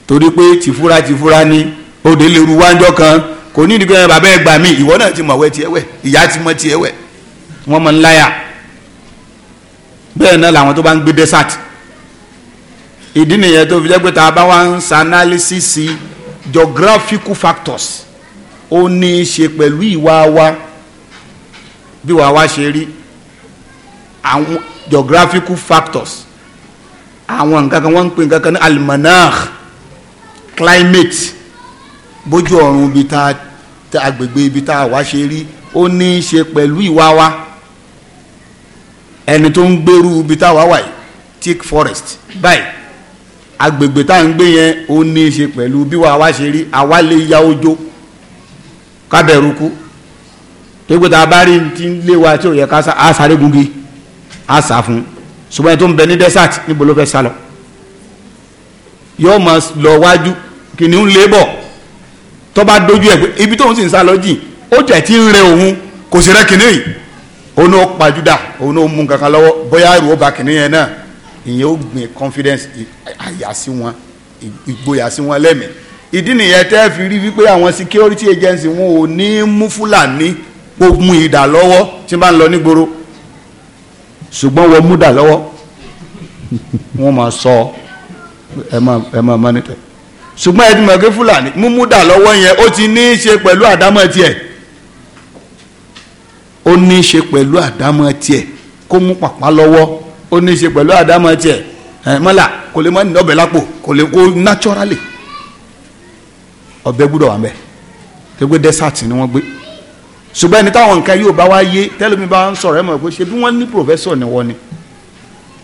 torí pé tìfura tìfura ni odò ìlérú wájọ́ kan kò ní ìdíkọ́ yẹn bàbá ẹ̀ gbà mí ìwọ náà ti mọ̀ wẹ́ tiẹ̀ wẹ̀ ìyá ti mọ̀ tiẹ̀ wẹ̀ wọ́n mọ̀ ńláyà bẹ́ẹ̀ náà làwọn tó bá ń gbé desert ìdí nìyẹn tó fi jẹ́ bá wá ń sa analysis geographical factors ó ní í ṣe pẹ̀lú ìwà wa bí wàá wá ṣe rí àwọn geographical factors àwọn nǹkan kan wọ́n ń pè nǹkan kan ní almanach climate bójú ọ̀run ibi tá agbègbè ibi tá a wá ṣe rí ó ní í ṣe pẹ̀lú ìwà wa ẹni tó ń gbèrú ibi tá a wá wà yìí thick forest báyìí agbègbè tá à ń gbé yẹn ó ní í ṣe pẹ̀lú bí wàá wá ṣe rí àwa lè ya ojó kábẹ̀rù kú tó gbé tá a bá rí ti ń lé wa tí ò yẹ ká sá a sáré gungi a sá fún ṣùgbọ́n ètò ń bẹ ní desert níbo ló fẹ́ sá lọ yóò máa lọ wájú kìnìún lé bọ̀ tó dojú ẹ̀ pé ibi tóun sì ń sá lọ jìn ó jẹ́ tí ń rẹ òun kò sí rẹ kìnìún yìí òun ó pàjùdà òun ó mú kankan lọ́wọ́ bóyá ìrù ó ba kìnìún yẹn náà ìyẹn ó gbin confidence àyà sí wọn ìgboyà sí wọn lẹ́mìí ìdí nìyẹn tẹ́ fi rí wípé àwọn security agency wọn ò ní mú fúlàní kó mú ìdà lọ́wọ́ tí bá ń lọ nígboro ṣùgbọ́n wọ́n mú dà lọ́wọ́ [laughs] wọ́n máa sọ ẹ máa mọ́nítẹ̀ ṣùgbọ́n ẹni mọ̀gé fúlàní múmú dà lọ́wọ́ yẹn ó ti ní í ṣe pẹ̀lú àdámọ̀ tiẹ̀ ó ní í ṣe pẹ̀lú àdámọ̀ tiẹ̀ kó mú pàpà lọ́wọ́ ó ní í ṣe pẹ̀lú àdámọ̀ tiẹ̀ ẹ̀ mọ́là kò lè mọ́ ní ọbẹ̀ lápò kò lè kó naturally ọbẹ̀ gbúdọ̀ wà mẹ́ tó gbé desert ni wọ́n gbé ṣùgbọ́n ẹni táwọn nǹkan yóò bá wá yé tẹ́lómi bá ń sọ̀rọ̀ ẹ mọ̀ pé ṣe bí wọ́n ní pòfẹ́sọ̀ ni wọ́n ni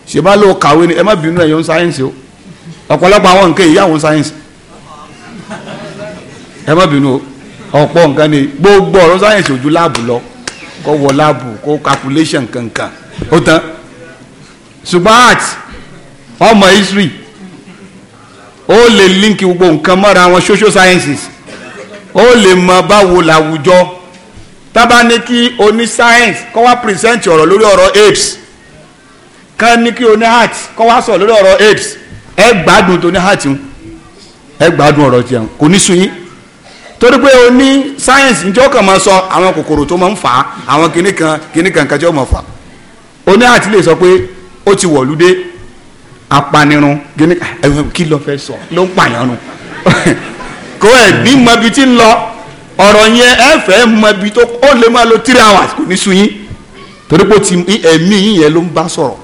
ṣe bá lóò kàwé ni ẹ má bínú ẹ̀yọ́ ń sáyẹ́nsì o ọ̀pọ̀lọpọ̀ àwọn nǹkan èyí àwọn sáyẹ́nsì ẹ má bínú o ọ̀pọ̀ nǹkan ni gbogbo ọ̀rọ̀ sáyẹ́nsì ojú láàbù lọ kó wọ láàbù kó calculation kankan ó tán ṣùgbọ́n art ọmọ history ó lè líǹkì gbogbo nǹkan mọ́ra àwọn social sciences ó lè mọ báwo làwùjọ tábà ní kí oní science kọ́ wá present ọ̀rọ̀ lórí ọ̀rọ̀ apes kán ní kí oní art kọ́ wá sọ̀rọ̀ lórí ọ̀rọ̀ apes ẹ gbádùn tó ní art ń ẹ gbádùn ọ̀rọ̀ tiẹ̀ kò ní sun torí pé oní science máa sọ àwọn kòkòrò tó máa ń fà á àwọn kan kan sọ pé ó ti wọ̀lú apanirun kí ló fẹ́ sọ ló ń [laughs] kò ẹ̀ ọ̀rọ̀ yẹn ẹ fẹ́ mọ ibi tó ó lè máa lo three hours kò ní sun yín torí pé ẹ̀mí yín yẹn ló ń bá sọ̀rọ̀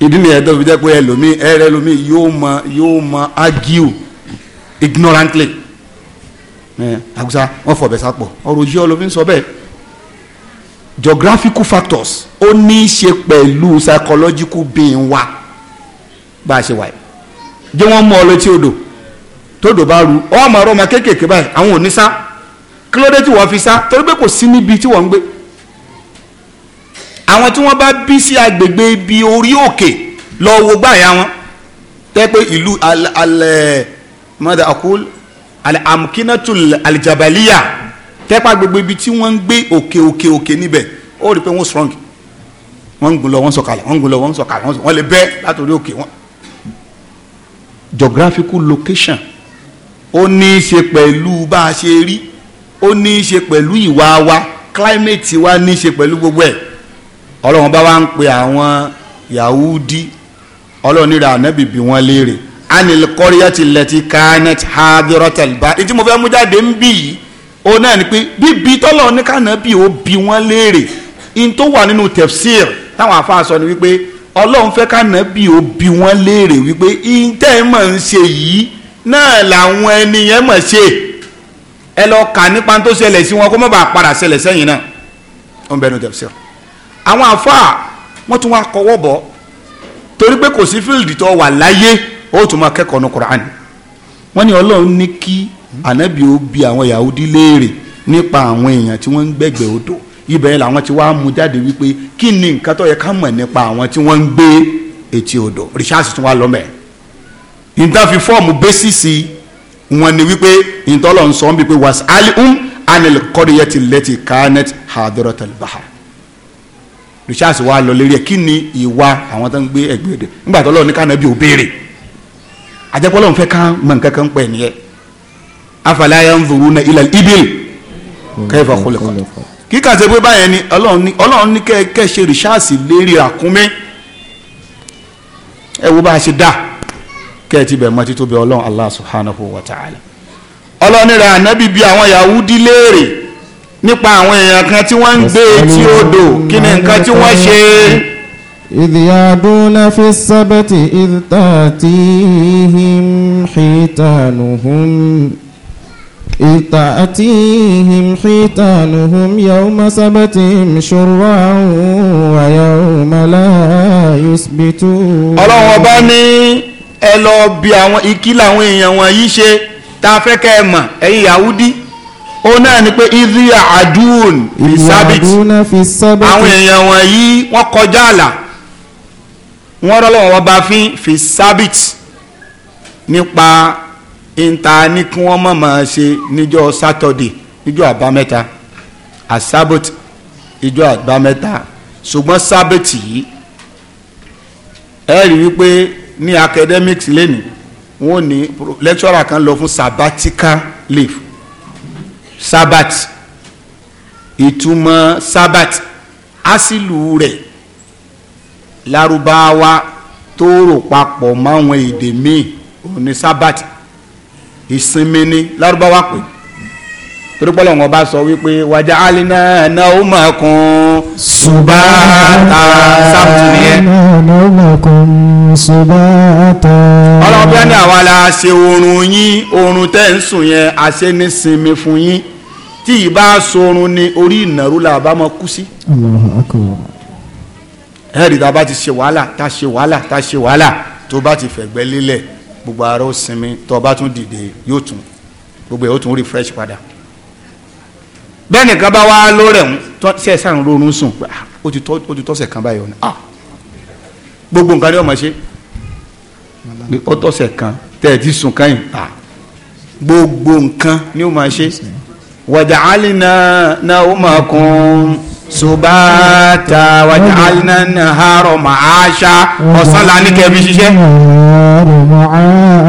ìdí nìyẹn tó fi jẹ́ pé ẹlòmíì ẹ̀rẹ́ ẹlòmíì yóò mọ yóò mọ argue ignorantly àgùsà wọn fọ̀bẹ̀ sápọ̀ ọ̀rọ̀ yìí ọlọ́mí sọ bẹ́ẹ̀ geographical factors ó ní í ṣe pẹ̀lú psychological being wa bá a ṣe wáyé jẹ́ wọ́n mú ọ létí odò tódò bá ru ọ máa rọ ọmọ kéékèèké báyìí àwọn ò ní sá kí ló dé tí wọ́n fi sá torí pé kò sí níbi tí wọ́n ń gbé àwọn tí wọ́n bá bí sí agbègbè ibi orí òkè lọ wo gbàyà wọn tẹ́ pé ìlú alẹ́ mọ́tà àkúl alẹ́ amkinatul alijabaliya tẹ́ pé agbègbè ibi tí wọ́n ń gbé òkè òkè òkè níbẹ̀ ó rí i pé wọ́n strong wọ́n ń gun lọ wọ́n sọ̀kalẹ̀ wọ́n ń gun lọ wọ́n sọ̀kalẹ̀ wọ́n lè bẹ́ látòrí òkè wọn. geographical location ó ní í ṣe pẹ̀lú bá a ṣe rí ó ní í ṣe pẹ̀lú ìwà wa climate wa ní í ṣe pẹ̀lú gbogbo ẹ̀ ọlọ́run bá wa ń pe àwọn yahudi ọlọ́run níra ànábì bí wọ́n léèrè anil kọ́ríyàtì lẹ́tì kanet hadiratel bá ètí mo fẹ́ mú jáde ń bì yìí ó náà ni pé bíbí tọ́lọ̀ ní kànábì ó bí wọ́n léèrè in tó wà nínú tefsir táwọn afáà ni wípé ọlọ́run fẹ́ kànábì ó bí wọ́n léèrè wípé in tẹ́ ẹ máa ń ṣe yìí náà làwọn ẹni yẹn mọ̀ ṣe ẹ lọ kà nípa tó ṣẹlẹ̀ sí wọn kó má bàa padà ṣẹlẹ̀ sẹ́yìn náà ó ń bẹnu tẹ̀sí ọ àwọn àfáà wọ́n tún wá kọwọ́ bọ̀ torí pé kò sí fíìlì tó wà láyé ó tún máa kẹ́kọ̀ọ́ ní Kùránì wọ́n ní Ọlọ́run ní kí ànábì ó bi àwọn Yahudi léèrè nípa àwọn èèyàn tí wọ́n ń gbẹ̀gbẹ̀ odò ibẹ̀ làwọn ti wá mú jáde wípé kí ni nǹkan tó yẹ ká mọ̀ nípa àwọn tí wọ́n ń gbé etí odò rìṣáàsì tún wá lọ́mọ̀ẹ́ ìdá fi fọ́ọ̀mù bẹ́sìsì wọn ni wípé ìtọ́lọ̀ ń sọ ń bí pé was alium anil kọ́ríyẹ́tì lẹ́tì kanet hadrotel baha richard wa lọ lérí ẹ kí ni ìwà àwọn tó ń gbé ẹgbẹ́ rẹ nígbà tó lọ́wọ́ ní kánà bí ò béèrè àjẹpọ̀ lọ́wọ́ fẹ́ kán nǹkan kan pẹ̀ nìyẹn afala yanzuruna ilal ibil kayfa khuliqat kíkà ṣe pé báyẹn ni ọlọ́run ní kẹ́ẹ̀kẹ́ ṣe richard lérí àkúnmí ẹ wo bá a ṣe dáa kẹ́ẹ̀tì bẹ̀ mọ́ títóbi ọlọ́run allah subhanahu wa ta'ala ọlọ́ni rẹ̀ ànábì bí àwọn yahudi léèrè nípa àwọn èèyàn kan tí wọ́n ń gbé etí odò kí ni nǹkan tí wọ́n ṣe. ìdíyàdúnà fi sábẹ́tì ìtàtíhìm hìtànùhùm ìtàtíhìm hìtànùhùm yawma sábẹ́tìhìm ṣurran wa yawma la yusbitun. ọlọ́run ọba ní ẹ lọ bi àwọn ikí làwọn èèyàn wọ̀nyí ṣe ta fẹ́ kẹ́ ẹ mọ̀ ẹ̀yin Yahudi ó náà ni pé izia adun fi sabit àwọn èèyàn wọ̀nyí wọ́n kọjá àlà wọ́n rọ́lọ́wọ́ wọn bá fi fi sabit nípa ìta ní kí wọ́n mọ̀ máa ṣe níjọ́ sátọ̀dẹ̀ níjọ́ àbámẹ́ta àsábòt ìjọ́ àbámẹ́ta ṣùgbọ́n sábẹ̀tì yìí ẹ rí wípé ní academics lẹ́nìí wọ́n ní lecturer kan lọ fún sabbatical leave sabbat ìtumọ̀ sabbat asílù rẹ̀ lárúbáwá tó rò papọ̀ máwọn èdè míì òun ni sabbat ìsinmi ni lárúbáwá pè é torípọ́lọ́ wọn bá sọ wípé wàjà alina náà máa kun subata sábùtù nìyẹn. náà máa kun subata. ọlọ́run bí wọ́n ní àwa la ṣe oorun yín oorun tẹ́ ń sùn yẹn àṣẹ ní sinmi fún yín tí ìbá sorun ni orí ìnàrú la bá máa kú sí. ẹ̀rí tá a bá ti ṣe wàhálà tá a ṣe wàhálà tá a ṣe wàhálà tó bá ti fẹ̀gbẹ́ lélẹ̀ gbogbo ara ó sinmi tó bá tún dìde yóò tún gbogbo ẹ̀ ó tún refresh padà bẹ́ẹ̀ nìkan bá wá lórẹ̀ ń ṣe sàn ronú sùn ah, ó ti tọ́sẹ̀ kan báyìí ọ̀nà ah, gbogbo nǹkan ni ọmọ ṣe ó tọ́sẹ̀ kan tẹ̀ ti sùn kan yìí ah, gbogbo nǹkan ni ó máa ṣe wàjàálìnà náà ó máa kún subata wàjàálìnà náà hàrọ̀ máa ṣá ọ̀sán la ní kẹ́ẹ̀fi ṣiṣẹ́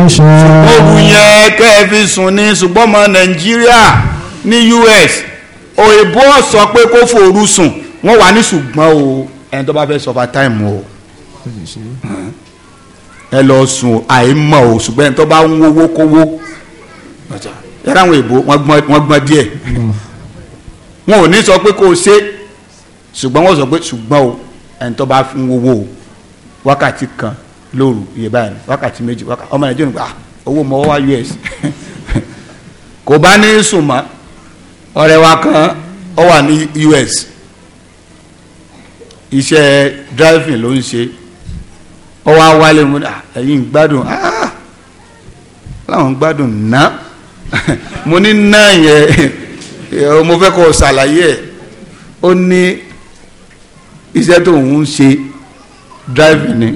ṣùgbọ́n òru yẹn kẹ́ẹ̀fi sùn ní ṣùgbọ́n ọmọ nàìjíríà ní US òyìnbó sọ pé kó fòru sùn wọ́n wà ní ṣùgbọ́n o ẹni tó bá fẹ́ sọ fatáìmù o ẹ lọ sùn àìmọ̀ o ṣùgbọ́n ẹni tó bá ń wówó kówó yàrá àwọn èèbó wọ́n gbọ́n díẹ̀ wọn ò ní sọ pé kó o ṣe ṣùgbọ́n wọ́n sọ pé ṣùgbọ́n o ẹni tó bá ń wówó o wákàtí kan lóru iye báyìí wákàtí méjì wákàtí ọmọ nàìjíríà ah, owó mọ́wọ́ wá us [laughs] kò bá ní sùn mọ́ ọ̀rẹ́ wa kan ó wà ní US iṣẹ́ driving ló ń ṣe ó wá wálé mu ẹ̀yin ń gbádùn ah, ah. láwọn ń gbádùn ná [laughs] mo ní ná yẹn [laughs] mo fẹ́ kó ṣàlàyé ẹ̀ ó ní iṣẹ́ tó ń ṣe driving ni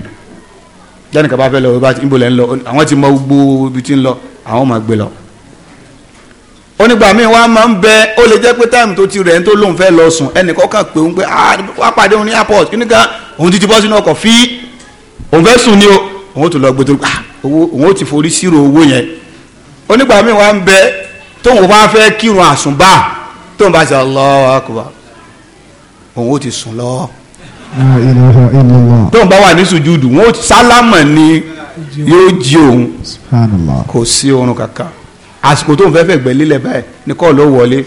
jẹ́nìkan bá fẹ́ lọ ìbò lẹ́ ń lọ àwọn ti mọ gbogbo ibi tí ń lọ àwọn máa gbé lọ onígbà míì wá máa ń bẹ ó lè jẹ́ pé táìmù tó ti rẹ̀ ń tó lóun fẹ́ lọ sùn ẹnìkan kàn pé òun pé ah, wá pàdé òun ní airport kí nìkan òun ti ti bọ́ sínú ọkọ̀ fí òun fẹ́ sùn ni o òun tó lọ gbé tó ah, owó òun ó ti forí sírò owó yẹn onígbà míì wá ń bẹ tóun bá fẹ́ kírun àsùnbà tóun bá ṣe Allahu Akbar òun ó ti sùn lọ. tóun bá wà ní sùjúdù wọn ó sálámà ni yóò jí òun kò sí oorun kankan àsìkò tó ń fẹ́ fẹ́ gbẹ́ lílẹ̀ báyìí ní kọ́ọ̀lù ó wọlé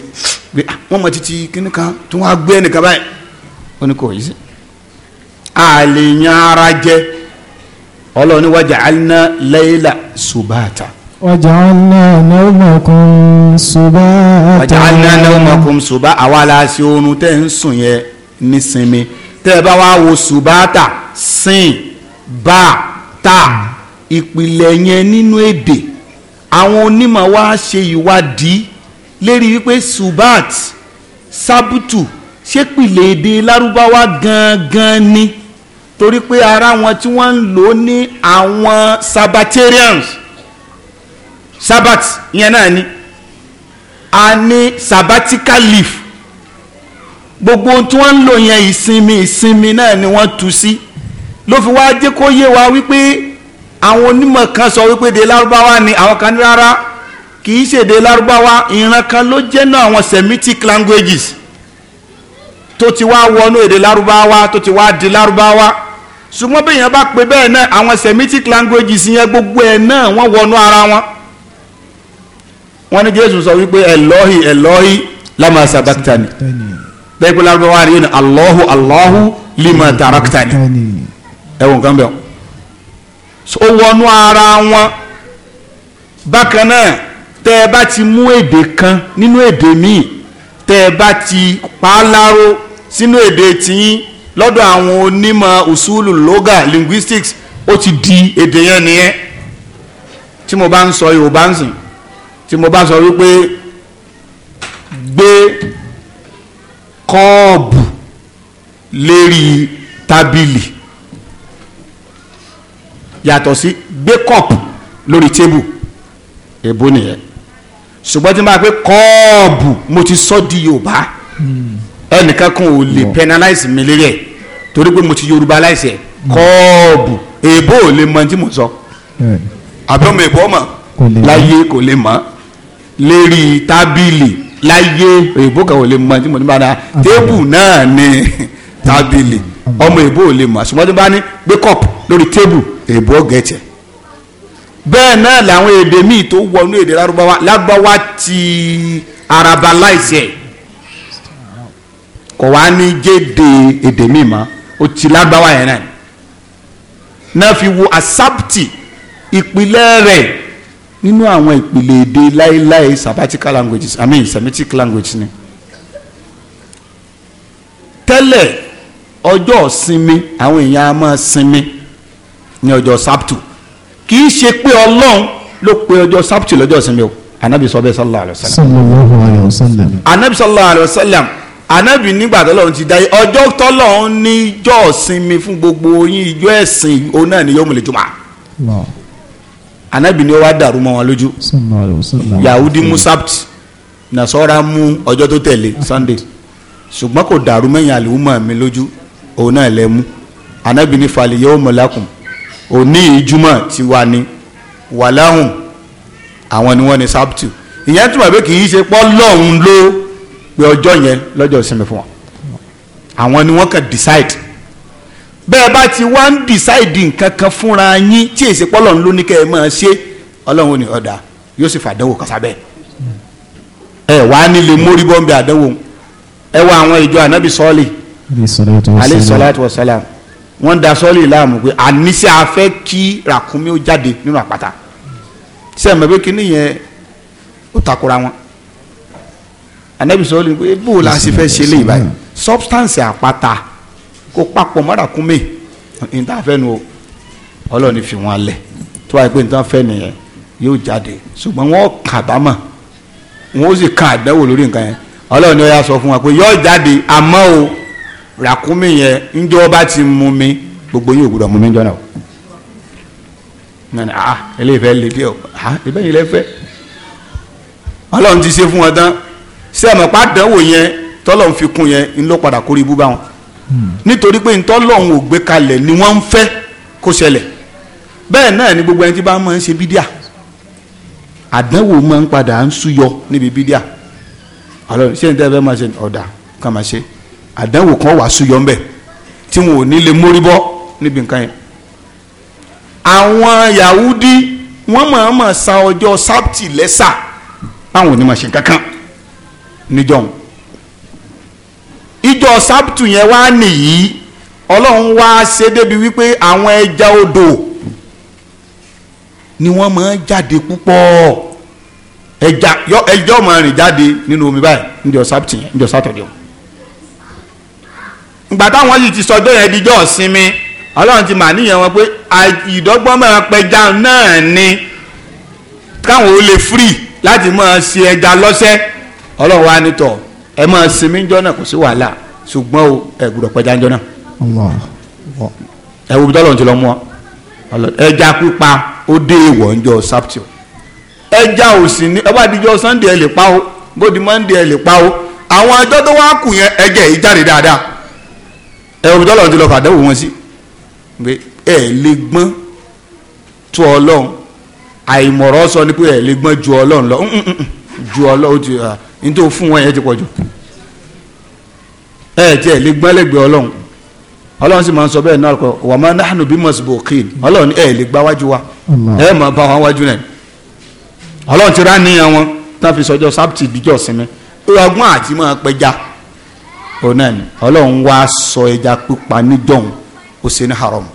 pé ah, wọ́n mọ títí kíní kan tó wá gbé ẹnìkan báyìí ó ní kò yí sí. àlè yan ara jẹ ọlọ́run ní wájà alina layla subata. wájà alina naumakum subata. wájà alina naumakum subata àwa la ṣe oorun tẹ́ ń sùn yẹn nísinmi tẹ́ ẹ bá wá wo subata sin ba ta ìpìlẹ̀ yẹn nínú èdè àwọn onímọ̀ wa ṣe ìwádìí lérí wípé subat sabutu ṣé pìlẹ̀ èdè lárúbáwá gangan ni torí pé ara wọn tí wọ́n ń lò ní àwọn sabbatarians sabbat yẹn náà ni a ní sabbatical leaf gbogbo ohun tí wọ́n ń lò yẹn ìsinmi ìsinmi náà ni wọ́n tú sí ló fi wá jẹ́ kó yé wa wípé àwọn onímọ̀ kan sọ wípé èdè lárúbáwá ni àwọn kan ní rárá kì í ṣèdè lárúbáwá ìran kan ló jẹ́ náà àwọn semitic languages tó ti wá wọnú èdè lárúbáwá tó ti wá di lárúbáwá ṣùgbọ́n bí èèyàn bá pe bẹ́ẹ̀ náà àwọn semitic languages yẹn gbogbo ẹ̀ náà wọ́n wọnú ara wọn wọ́n ní jésù sọ wípé ẹ̀lọ́hì ẹ̀lọ́hì lámà sàbàtàní bẹ́ẹ̀ pé lárúbáwá ni yóò ní alọ́hù alọ́hù ẹ̀wọ̀n kan bẹ́ẹ̀ ó wọnú ara wọn bákan náà tẹ́ ẹ bá ti mú èdè kan nínú èdè míì tẹ́ ẹ bá ti pa á láró sínú èdè tiyín lọ́dọ̀ àwọn onímọ̀ usulu lóga linguistics ó ti di èdè yẹn nìyẹn tí mo bá ń sọ yorùbá ń sìn tí mo bá sọ wípé gbé kọ́ọ̀bù lérí tábìlì yàtọ̀ sí gbé cup lórí table èbó nìyẹn ṣùgbọ́n tí n bá pẹ́ kọ́ọ̀bù mo ti sọ di yorùbá hmm. ẹnìkan kan ò lè penalize mi lérí ẹ̀ torí pé mo ti yorùbá láìsẹ̀ kọ́ọ̀bù èbó ò lè mọ tí mo sọ àbí ọmọ èbó ọmọ láyé kò lè mọ lérí tábìlì láyé èbó kan ò lè mọ tí mo ní bá dáa tébù náà ni tábìlì ọmọ èbó ò lè mọ ṣùgbọ́n tí n bá ní gbé cup lórí tébù èbó gẹ̀ẹ́tẹ̀ bẹ́ẹ̀ náà làwọn èdè míì tó wọnú èdè lárúbáwá lárúbáwá ti araba láìsí ẹ̀ kò wá ní jéde èdè míì mọ́ ó ti lárúbáwá yẹn náà náà fi wo asabti ìpìlẹ̀ rẹ̀ nínú àwọn ìpìlẹ̀ èdè láéláé sabbatical languages i mean semitic languages ni tẹ́lẹ̀ ọjọ́ sinmi àwọn èèyàn á máa sinmi ní ọjọ́ sábtù kì í ṣe pé ọlọ́run ló pe ọjọ́ sábtù lọ́jọ́ ìsinmi o anabi sọ bẹ́ẹ̀ sallallahu alayhi wa sallam anabi sallallahu alayhi wa sallam anabi nígbà tọ́lọ́run ti dáyé ọjọ́ tọ́lọ́run níjọ́ ìsinmi fún gbogbo yín ìjọ ẹ̀sìn òun náà ni yóò múlẹ̀ jùmọ̀ anabi ni ó wá dàrú mọ́ wọn lójú yahudi mú mm. sábtù nasọ́ra mú ọjọ́ tó tẹ̀lé sunday ṣùgbọ́n kò dàrú mẹ́yìn àlùmọ́ mi lójú òun náà lẹ́ mú anabi ní falẹ̀ yẹ́wò mọ̀lákùn òní ìjúmọ̀ ti wà ní wàláhùn àwọn ni wọ́n ní sábtù ìyẹn túmọ̀ pé kì í ṣe pọ́ lọ́hùn ló pé ọjọ́ yẹn lọ́jọ́ ìsinmi fún wọn àwọn ni wọ́n kàn decide bẹ́ẹ̀ bá ti wá ń decide nǹkan kan fúnra yín tí èsì pọ́lọ̀ ń lóníkẹ́ ẹ máa ṣe ọlọ́run ò ní ọ̀dà yóò sì fàdánwò kásábẹ́ ẹ wàá nílé mórí bọ́m̀bì àdánwò ẹ wá àwọn ìjọ ànábì sọ́ọ̀lì alayhi salatu wa salam wọ́n da sọ́ọ̀lì láàmú pé àníṣe a fẹ́ kí ràkúnmí ó jáde nínú àpáta sẹ́mi pé kí nìyẹn ó takora wọn anabi sọ́ọ̀lì pé bó o la ṣe fẹ́ ṣe léyìí báyìí substance àpáta kó papọ̀ mọ́ ràkúnmí níta fẹ́ nu o ọlọ́ọ̀ni fi wọn lẹ̀ tó wáyé pé níta fẹ́ nìyẹn yóò jáde ṣùgbọ́n wọ́n kàbámọ̀ wọ́n ó sì kan àdánwò lórí nǹkan yẹn ọlọ́ọ̀ni ó yà sọ fún wa pé yóò jáde àmọ́ o ràkúnmí yẹn ńjọ́ bá ti mú mi gbogbo yín ò mú mi jọ náà nana ah eléyìí fẹ́ lè dé o ah ibẹ̀ yìí lẹ fẹ́ ọlọ́run ti ṣe fún wọn tán ṣé ẹ̀ mọ̀ pa àdánwò yẹn tọ́lọ́run fi kún yẹn ń lọ padà kórìí bú bá wọn nítorí pé ntọ́lọ́run ò gbé kalẹ̀ ni wọ́n ń fẹ́ kó ṣẹlẹ̀ bẹ́ẹ̀ náà ni gbogbo ẹni tí bá máa ń ṣe bídíà àdánwò máa ń padà ń súyọ níbi bídíà ọlọ́run ṣé ní tẹ́ fẹ́ máa ṣe ọ̀dà kàn máa ṣe àdánwò kan wà súyọ ńbẹ tí wọn ò ní lè mórí bọ́ níbi nǹkan yẹn àwọn Yahudi wọ́n máa ma sa ọjọ́ sábtì lẹ́sà báwọn ò ní ma ṣe kankan níjọ́hun ìjọ sábtù yẹn wá nìyí ọlọ́run wá ṣe débi wípé àwọn ẹja odò ni wọ́n máa jáde púpọ̀ ẹja yọ ẹjọ́ máa rìn jáde nínú omi báyìí níjọ sábtì yẹn níjọ sátọ̀dẹ̀ wọn ìgbà táwọn yìí ti sọdọ́ yẹn dijọ́ sinmi ọlọ́run ti mà níyàn wọn pé ìdọ́gbọ́n máa pẹja náà ni káwọn ó lè free láti máa ṣe ẹja lọ́sẹ̀ ọlọ́run wa ni tọ̀ ẹ máa sinmi jọ́ náà kò sí wàhálà ṣùgbọ́n o ẹ gbọ́dọ̀ pẹja jọ́ náà ẹ wo bí tọ́lọ́run ti lọ mú ọ ẹja pípa ó dé ìwọ̀ ńjọ́ sábtìọ̀ ẹja ò sì ní ẹ bá dijọ́ sunday ẹ lè pa o bó di monday ẹ lè pa o àwọn ẹjọ́ tó wá kù yẹn ẹjẹ yìí jáde dáadáa ẹ omi tọ́lọ́run ti lọ fàdánwò wọn sí pé ẹ lè gbọ́n tó ọlọ́run àìmọ̀rọ̀ sọ ni pé lè gbọ́n ju ọlọ́run lọ mm, mm, mm, ju ọlọ́run ti fún wọn yẹn ti pọ̀ jù ẹ tiẹ̀ lè gbọ́n lẹ́gbẹ̀ẹ́ ọlọ́run ọlọ́run sì máa ń sọ bẹ́ẹ̀ náà kọ́ wà máa bí ọlọ́run ẹ lè gbá wájú wa máa bá wọn wájú náà ọlọ́run ti rá níyàn wọn fi sinmi àti máa pẹja òun náà ni ọlọ́run wá sọ ẹja pípa níjọ́hún ó ṣe ní haram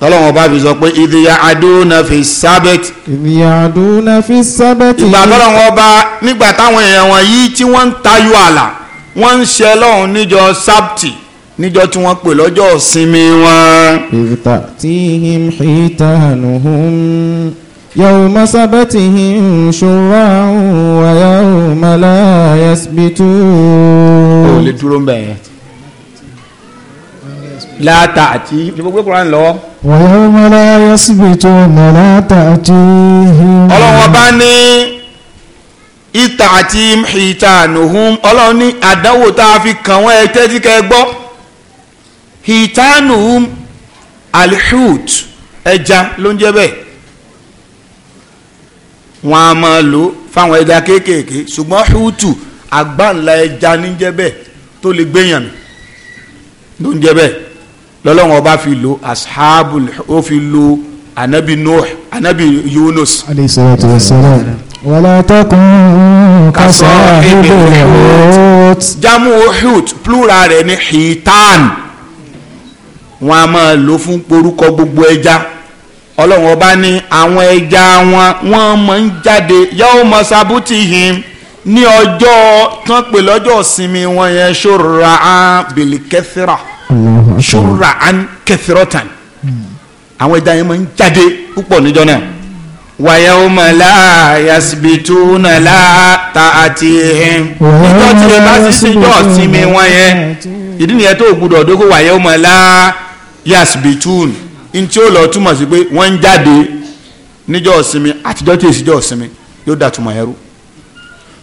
tọ́lọ́wọ́n bá fi sọ pé ìdíyà àdúnà fi sábẹ́tì. ìdíyà àdúnà fi sábẹ́tì. ìgbà tọ́lọ́wọ́n bá nígbà táwọn èèyàn wọn yìí tí wọ́n ń tayọ àlà wọ́n ń ṣe lọ́hùn níjọ́ sábtì níjọ́ tí wọ́n pè lọ́jọ́ ìsinmi wọn. ìtàtìhìm hìtànùhùn. يوم سبتهم شرعا ويوم لا يسبتون ò lè dúró mbẹ ويوم لا يسبتون لا تأتيهم. الله ọba ní ìta àti ìtànùhùn ọlọ́run ní àdánwò tá a fi kàn wọ́n ẹ tẹ́tí kẹ́ gbọ́ ìtànùhùn alhut ẹja ló ń jẹ́ bẹ́ẹ̀ wọn a máa lò fáwọn ẹja kéékèèké ṣùgbọ́n hutu àgbáńlá ẹja níjẹ́ bẹ́ẹ̀ tó lè gbéyàn mi ló ń jẹ́ bẹ́ẹ̀ lọ́lọ́wọ́n ọba fi lo ashabul ó fi lo anabi nuh anabi yunus. aleyhi salatu wa salam. wàlá takun kásá ibi hut. jamu hut plural rẹ̀ ni hitan wọn a máa lò fún orúkọ gbogbo ẹja. E ọlọ́run ọba ní àwọn ẹja wọn wọ́n máa ń jáde yàwó mọ̀sábùtì yìí ní ọjọ́ tán pè lọ́jọ́ ìsinmi wọn yẹn ṣòra án bìlì kẹsìrà ṣòra án kẹsìrọ̀tàn àwọn ẹja yẹn máa ń jáde púpọ̀ níjọ́ náà wàyà ọmọ láà yasibítú ta àti ẹ̀hìn ìjọ tí ẹ bá sì síjọ́ ìsinmi wọn yẹn ìdí nìyẹn tó gbúdọ̀ dókòwò wàyà ọmọ láà yasibítú ntí ó lọ túmọ̀ sí pé wọ́n ń jáde níjọ́ ìsinmi àtijọ́ tí èsì jọ́ ìsinmi yóò dà túmọ̀ ẹrú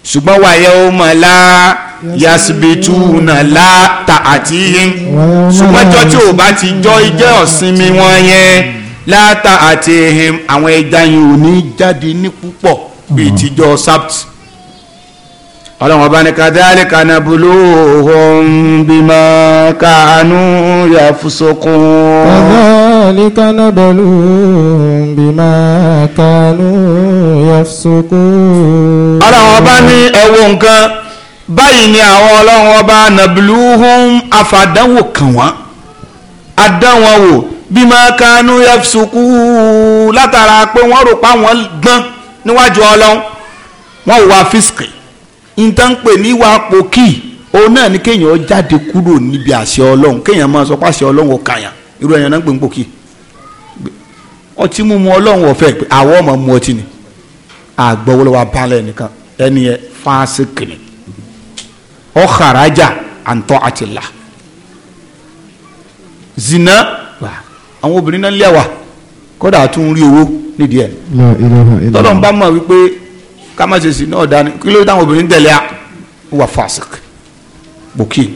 ṣùgbọ́n wàyẹ̀ ó mọ̀ lá yasibitu nà lá ta àti yín ṣùgbọ́n jọ́ tí ò bá ti jọ́ ijẹ́ ọ̀sinmi wọn yẹn láta àti ehim àwọn ẹja yìí ò ní jáde ní púpọ̀ bíi tijọ́ sábtì ọlọ́run ọba ní kadhalika nabluhum bima kanu yafusukun. kadhalika nabluhum bima kanu yafusukun. ọlọ́run ọba ní ẹ̀wọ̀ nǹkan báyìí ni àwọn ọlọ́run ọba nabluhum afàdánwò kàn wọ́n adánwò wò bima kanu yafusukun látara pé wọ́n rò pa wọ́n gbọ́n níwájú ọlọ́run wọ́n wà fíṣkì nǹkan pè ní wàá pòkì òun náà ni kéèyàn jáde kúrò níbi àṣẹ ọlọ́run kéèyàn máa sọ pé àṣẹ ọlọ́run ò kàyàn irú ẹ̀yàn náà ń pè ń pòkì ọtí mímu ọlọ́run ọ̀fẹ́ pé àwọn ọmọ mu ọtí ni àgbọ̀wọ́lọ́wọ́ abálẹ̀ nìkan ẹni yẹn fásikìnì ọ̀hàrájà àǹtọ́ àtìlá zina àwọn obìnrin náà lẹ́wà kódà tún rí owó nídìí ẹ̀ tọ́lọ́mbà mọ̀ wípé ká má ṣe sí náà dání kí ló dáhùn obìnrin tẹ̀lé a wà fásik bòkì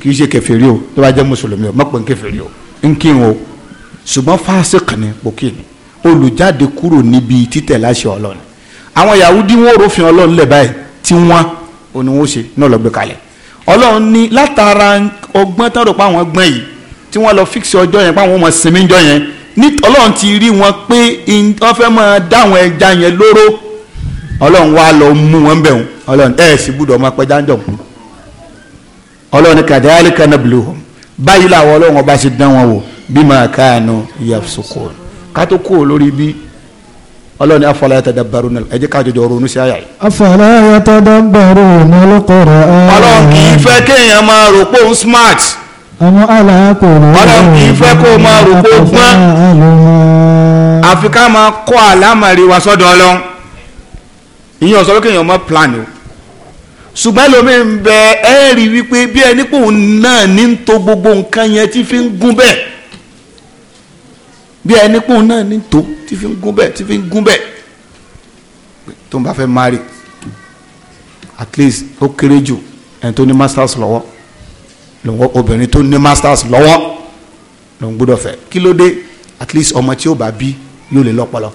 kì í ṣe kèfèrí o tó bá jẹ́ mùsùlùmí o má pè ń kèfèrí o ń kí n o ṣùgbọ́n fásik ni bòkì ni olùjáde kúrò níbi títẹ̀ láṣẹ ọlọ́run àwọn Yahudi wọn ò rófin ọlọ́run lẹ̀ báyìí tí wọ́n òní wọn ó ṣe náà lọ́ọ́ gbé kalẹ̀ ọlọ́run ní látara ọgbọ́n tán rò àwọn gbọ́n yìí tí wọ́n lọ fíksì ọjọ́ yẹn pé àwọn ọmọ sinmi jọ yẹn ní ọlọ́run ti rí wọn pé wọ́n fẹ́ máa dáwọn ẹja yẹn lóró ọlọ́run wá lọ mú wọn bẹ̀ wọn ọlọ́run ẹ̀ sì gbúdọ̀ máa pẹ́ jáńjọ̀ kú ọlọ́run kadhalika nabluhum báyìí làwọn ọlọ́run ọba ṣe dán wọn wò bima kanu yafsukun kátó kúrò lórí bí ọlọ́run ní afọlá yatadabbaruna ẹ jẹ́ ká jọjọ ronú sí àyà yìí. afọlá yatadabbaruna al-Qur'an. ọlọ́run kì í fẹ́ kéèyàn máa rò pé òun smart àwọn alákòrò ọlọ́run kì í fẹ́ kó o máa rò kó o gbọ́n àfi ká máa kọ́ àlámàrí wa sọ́dọ̀ ọlọ́run ìyẹn ọ̀sọ́ wípé èèyàn mọ́ plan o ṣùgbọ́n lómi ń bẹ ẹ́ rí wípé bí ẹni pò náà ní ń to gbogbo nǹkan yẹn tí fi ń gún bẹ́ẹ̀ bí ẹni pò náà ní ń to tí fi ń gún bẹ́ẹ̀ tí fi ń gún bẹ́ẹ̀ tó ń bá fẹ́ marry at least ó kéré jù ẹni tó ní masters lọ́wọ́ lòun obìnrin tó ní masters lọ́wọ́ lòun gbọ́dọ̀ fẹ́ kí ló dé at least ọmọ tí ó bá bí yóò lè lọ́pọlọ.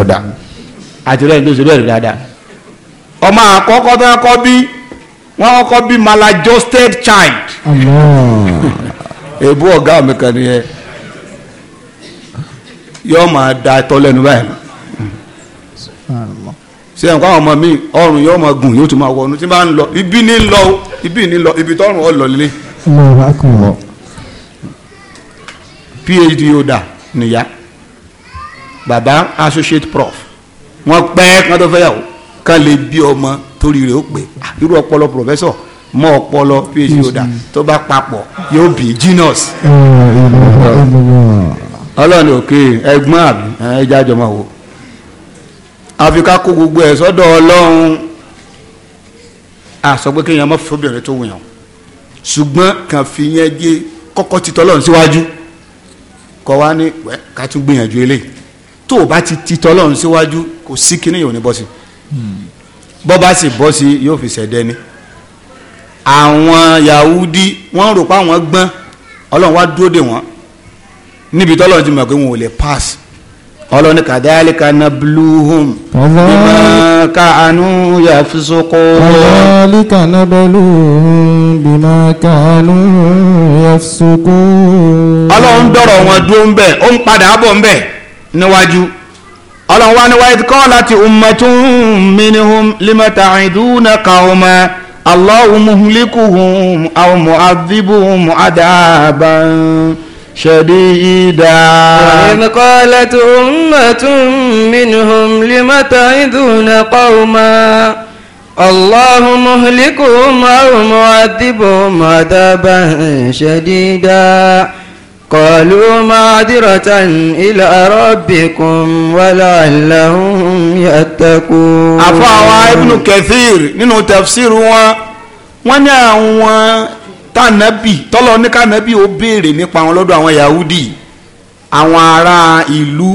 ọ̀dà àtúrò ẹ̀ ló ṣe lóòrè dáadáa ọmọ àkọ́kọ́ tó ń kọ́ bí wọ́n kọ́kọ́ bí maladjusted child. èbú ọ̀gá mi kan nìyẹn yóò máa da ẹ̀tọ́ lẹ́nu báyìí ṣe ẹ̀kọ́ àwọn ọmọ mi ọrùn yóò máa gùn yóò tún máa wọnú tí bá ń lọ ibi ní lọ ibi ní lọ ibi tọrùn ọ lọ lé. phd oda nìyá bàbá associate prof wọn pẹ́ kán tó fẹ́ yàwó kán lè bí ọmọ torí rẹ̀ ó pé irú ọpọlọ professor mọ ọpọlọ phd yoda. tó bá papọ̀ yóò bí genius. ọlọ́run òkè ẹgbọ́n àbí ẹja jọmọ wo àfi ká kó gbogbo ẹ̀ sọ́dọ̀ ọlọ́run àsọ pé kéèyàn má fọbìnrin tó wùyàn ṣùgbọ́n kàn fi yẹn gé kọ́kọ́ ti tọ́lọ́run síwájú kọ́ wa ní ká tún gbìyànjú eléyìí tó o bá ti ti tọ́lọ́run síwájú kò sí kíní yòó ní bọ́sì bọ́ bá sì bọ́sì yóò fi ṣẹ̀dẹ́ ni àwọn Yahudi wọ́n rò pé àwọn gbọ́n ọlọ́run wá dúró dè wọ́n níbi tọ́lọ́run ti mọ̀ pé wọn ò lè pass ọlọ́ni kàdálíkà na blúhùn bímọ káànú yà fi sókó. kàdálíkà na blúhùn bímọ káànú yà fi sókó. ọlọ́run dọ̀rọ̀ wọn dúró ń bẹ̀ ó ń padà bọ̀ ń bẹ̀ níwájú ọlọ́run wá ní wáyé kọ́ láti ummatun minhum limata iduna qauma Allahu muhlikuhum aw mu'adhibuhum adaban. شديدا وإذ قالت أمة منهم لم تعذون قوما الله مهلكهم أو معذبهم عذابا شديدا قالوا معذرة إلى ربكم ولعلهم يتقون àfáà wa Ibn Kathir nínú tafsir wọn tànàbì tọ́lọ́ ní kànàbì ó béèrè nípa wọn lọ́dọ̀ àwọn Yahudi àwọn ará ìlú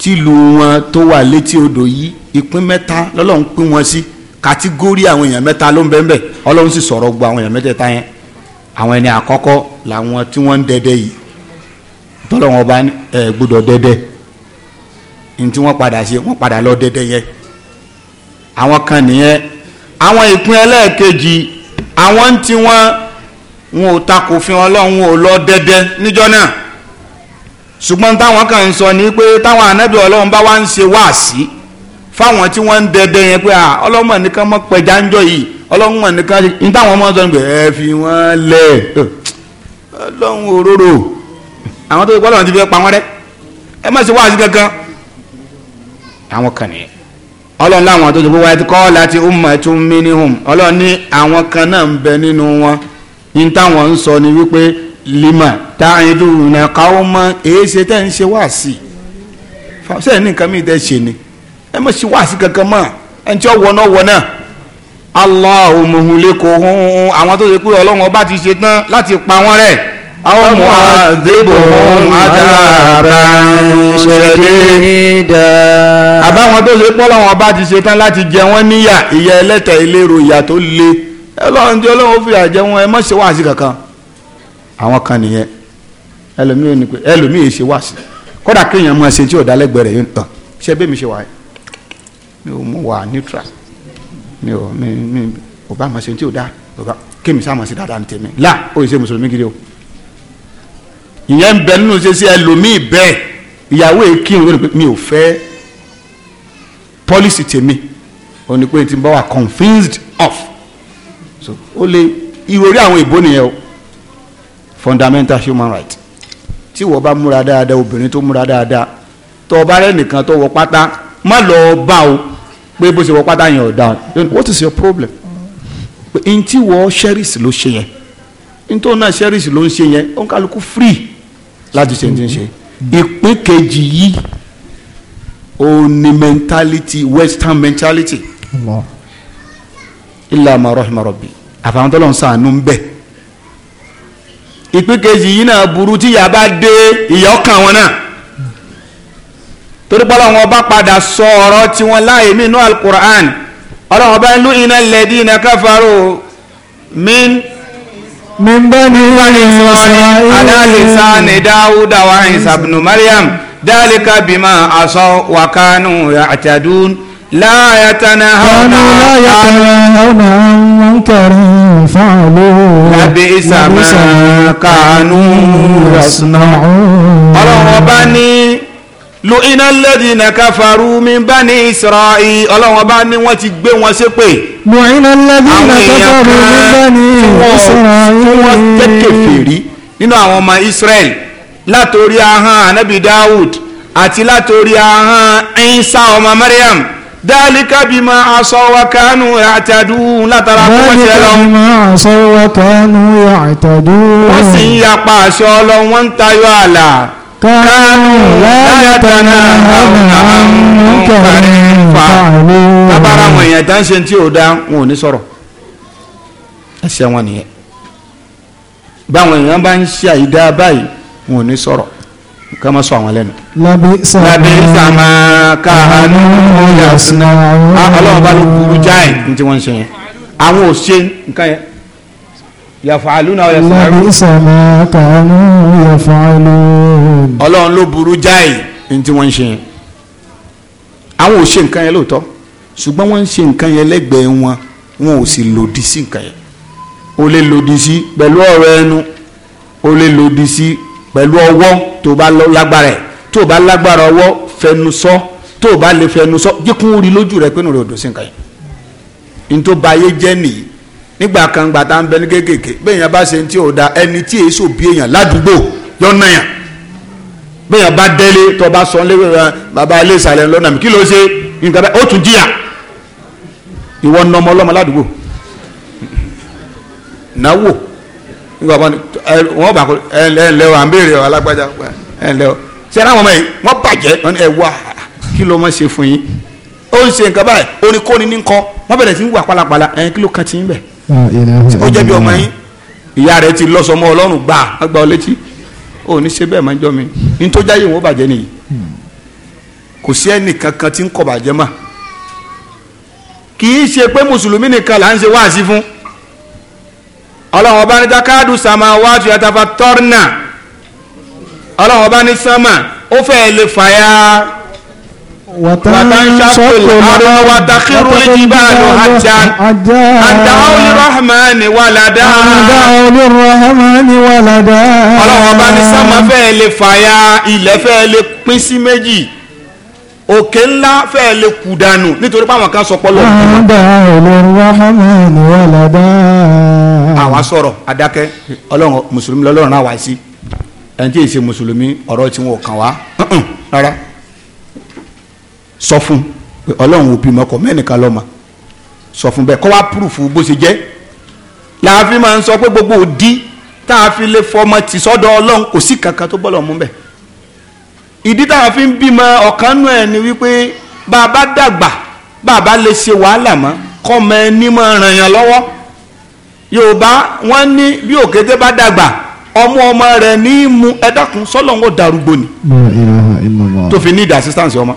tìlú wọn tó wà létí odò yìí ìpín mẹ́ta lọ́lọ́run pín wọn sí kàtígórì àwọn èèyàn mẹ́ta ló ń bẹ́ẹ̀ bẹ́ẹ̀ ọlọ́run sì sọ̀rọ̀ gbọ́ àwọn èèyàn mẹ́tẹ̀ẹ̀ta yẹn àwọn ẹni àkọ́kọ́ làwọn tí wọ́n ń dẹ́dẹ́ yìí tọ́lọ́ wọn bá gbọ́dọ̀ dẹ́dẹ́ ní tí wọ́n padà ṣe wọ́n padà lọ dẹ́dẹ́ yẹn àwọn kan nìyẹn àwọn ìpín ẹlẹ́ẹ̀kejì àwọn tí wọ́n wọn ò takò fi ò lọ dẹ́dẹ́ níjọ́ náà ṣùgbọ́n táwọn kan ń sọ ni pé táwọn anábì ọlọ́run bá wá ń ṣe wáàsí fáwọn tí wọ́n ń dẹ́dẹ́ yẹn pé ọlọ́run mọ̀ nìkan mọ̀ pẹ̀já ń yìí ọlọ́run mọ̀ nìkan ní táwọn mọ̀ sọ ni pé ẹ fi wọ́n lẹ̀ ọlọ́run òróró àwọn tó ti gbọ́dọ̀ ti fi pa wọ́n rẹ́ ẹ má ṣe wáàsí kankan àwọn kan nìyẹn ọlọ́run láwọn tó ti gbé wáyé kọ́ láti ummatun minhum ọlọ́run ní àwọn kan náà ń bẹ nínú wọn yín táwọn ń sọ ni wípé lima táyidù nà káwọn mọ èéṣe tẹ́ ń ṣe wáàsí fàṣẹ nìkan mi tẹ́ ṣe ni ẹ má ṣe wáàsí kankan mọ́ ẹni tí ó wọ náà wọ náà Allahu muhlikuhum àwọn tó ṣe pé ọlọ́run ọba ti ṣe tán láti pa wọ́n rẹ̀ àwọn mọ̀ àdébòhùn àdàbà ṣẹ̀dẹ̀dà. àbáwọn tó ṣe pé ọlọ́run ọba ti ṣe tán láti jẹ wọ́n níyà ìyà ẹlẹ́tẹ̀ ìlérò ìyà tó le ọlọ́run tí ọlọ́run fi àjẹ wọn ẹ má ṣe wáàsí kankan àwọn kan nìyẹn ẹlòmíì ní pé ẹlòmíì yìí ṣe wáàsí kódà kéèyàn máa ṣe tí ọ̀dálẹ́gbẹ̀ rẹ̀ yóò tàn ṣe bẹ́ẹ̀ mi ṣe wà mí ò mú wà neutral mi ò mi mi ò bá máa ṣe tí ò dá ò bá kémi sáà máa ṣe dáadáa ní tèmi là ó yẹ ṣe mùsùlùmí gidi o ìyẹn ń bẹ nínú ṣe ṣe ẹlòmíì bẹ́ẹ̀ ìyàwó èkí mi ò fẹ́ policy tèmi òní pé ti bá wà convinced of so ó lè ìròrí àwọn ìbò nìyẹn o fundamental human right Ti wọ́n bá múra dáadáa obìnrin to múra dáadáa tó bá rẹ̀ nìkan tó wọ pátá má lọ bá o pé bó ṣe wọ pátá yẹn ò dáa what is your problem pé n tí wọ́n cherish ló ṣe yẹn n tó náà cherish ló ń ṣe yẹn ó ń kálukú free láti ṣe ti ń ṣe ìpín kejì yìí ó mentality western mentality. Allah illa ma rahima rabbi àfàwọn tó lọ ń sànù ń bẹ ìpín kejì yìí náà burú tí ìyá bá dé ìyá ọkàn wọn náà torí pé ọlọ́run ọba padà sọ ọ̀rọ̀ tiwọn láàyè mí inú alukur'an ọlọ́run ọba inú iná lẹ́dí iná káfáró min. min bani isra'il. ala lisani dawuda wa isa ibn maryam dalika bima asaw wa kanu ya'tadun. لا يتناهون لا يتناهون عن منكر فعلوه لبئس ما كانوا يصنعون ọlọ́run ọba ní لئن الذين كفروا من بني إسرائيل ọlọ́run ọba ní wọ́n ti gbé wọn ṣépè. لئن الذين كفروا من بني إسرائيل. tí wọ́n jẹ́ kèfèrí nínú àwọn ọmọ Israẹli látòrí ahọ́n anabi Dawud àti látòrí ahọ́n Isa ọmọ Mariam dálíkà bí máa aṣọ wa kánú àtàdún látara pọ́pọ́sẹ̀ lọ. dálíkà bí máa aṣọ wa kánú àtàdún. wọ́n sì ń yapa aṣọ ọlọ́run wọ́n ń tayọ ààlà. kánú láyàtàna àwọn àmúkẹ́rin fàálù. tábàrà àwọn èèyàn tá ń ṣe tí ò dá wọn ò ní sọ̀rọ̀ ẹsẹ̀ wọn nìyẹn báwọn èèyàn bá ń ṣe àìdá báyìí wọn ò ká má sọ àwọn labi sama labi sama kahanu yasina. ọlọ́run bá ló burú jáì ní tí wọ́n ń ṣe yẹn àwọn ò ṣe nǹkan yẹn yàfàlùnà yàfàlùnà. labi sama kahanu yàfàlùnà. ọlọ́run ló burú jáì ní tí wọ́n ń ṣe yẹn àwọn ò ṣe nǹkan yẹn lóòótọ́ ṣùgbọ́n wọ́n ń ṣe nǹkan yẹn lẹ́gbẹ̀ẹ́ wọn wọn ò sì lòdì sí nǹkan yẹn o lè lòdì sí pẹ̀lú ọ̀rọ̀ ẹnu o lè lòdì pẹ̀lú ọwọ́ tó bá lágbára ẹ̀ tó bá lágbára ọwọ́ fẹnu sọ tó bá lè fẹnu sọ jíkún rí lójú rẹ pé nù rẹ ò dùn sí nǹkan yìí nítorí báyé jẹ́ nìyí nígbà kan gbà tá ń bẹ ní kéékèèké béèyàn bá ṣe tí ò da ẹni tí èso bí èèyàn ládùúgbò yọ̀nà yàn béèyàn bá délé tó bá sọ lé bàbá ilé ìsàlẹ̀ lọ́nà mi kí ló ṣe nǹkan bẹ́ẹ̀ ó tún jìyà ìwọ nọmọ ọlọ́mọ ládùúgbò náwó nígbà wọn wọn bá ẹ ẹ lẹ o à ń béèrè ọ alágbájá ẹ lẹ o ṣe ara wọn mọ yìí wọn bàjẹ́ wọn ẹ wá kí ló máa ṣe fún yín ó ń ṣe nǹkan báyìí oníkóni ní nǹkan wọn bẹ̀rẹ̀ sí wà pálapàla ẹ kí ló kàn ti ń bẹ̀ ó jẹ́ bí ọmọ yín ìyá rẹ̀ ti lọ́sọmọ ọlọ́run gbà àgbà ọ létí ó ní ṣe bẹ́ẹ̀ máa ń jọ mi ní tó jáyé wọn bàjẹ́ nìyí kò sí ẹnì kankan tí ń kọ̀ bàjẹ́ mà kì í ṣe pé mùsùlùmí nìkan là ń ṣe wáàsí fún ọlọ́run ọba ní takadu sama wájú yàtàfà tọ́rnà ọlọ́run ọba ní sánmà ó fẹ́ lè fàyà wàtánṣàkùl àrọ wàtàkìrù ìjìbàlù àjàn àdáwọlì rahmani wàlàdá àdáwọlì rahmani wàlàdá ọlọ́run ọba ní sánmà fẹ́ lè fàyà ilẹ̀ fẹ́ lè pín sí méjì. òkè ńlá fẹ́ẹ́ lè kú dànù nítorí páwọn kan sọ pọ́lọ́. àdá olùwàhámẹ́ni wàlàdá. àwa sọ̀rọ̀ adákẹ́ ọlọ́run mùsùlùmí lọ́lọ́run náà wá sí ẹni tí yìí ṣe mùsùlùmí ọ̀rọ̀ tí wọn ò kàn wá rárá sọ fún ọlọ́run òbí mọ́kọ mẹ́nìkan lọ́mọ sọ fún bẹ́ẹ̀ kọ́ wá púrùfù bó ṣe jẹ́ máa gbogbo òdi tá a fi lè fọmọ ọlọ́run ìdí táwọn fi ń bímọ ọ̀kan nù ẹ̀ ni wípé bá a bá dàgbà bá a bá lè ṣe wàhálà mọ́ kọ́mọ ẹni mọ́ ràn yàn lọ́wọ́ yorùbá wọ́n ní bí òkété bá dàgbà ọmọ ọmọ rẹ̀ ní mu ẹ̀dákun sọ́lọ́ngọ̀ darúgbó ni tó fi ní ìdá assistance ọmọ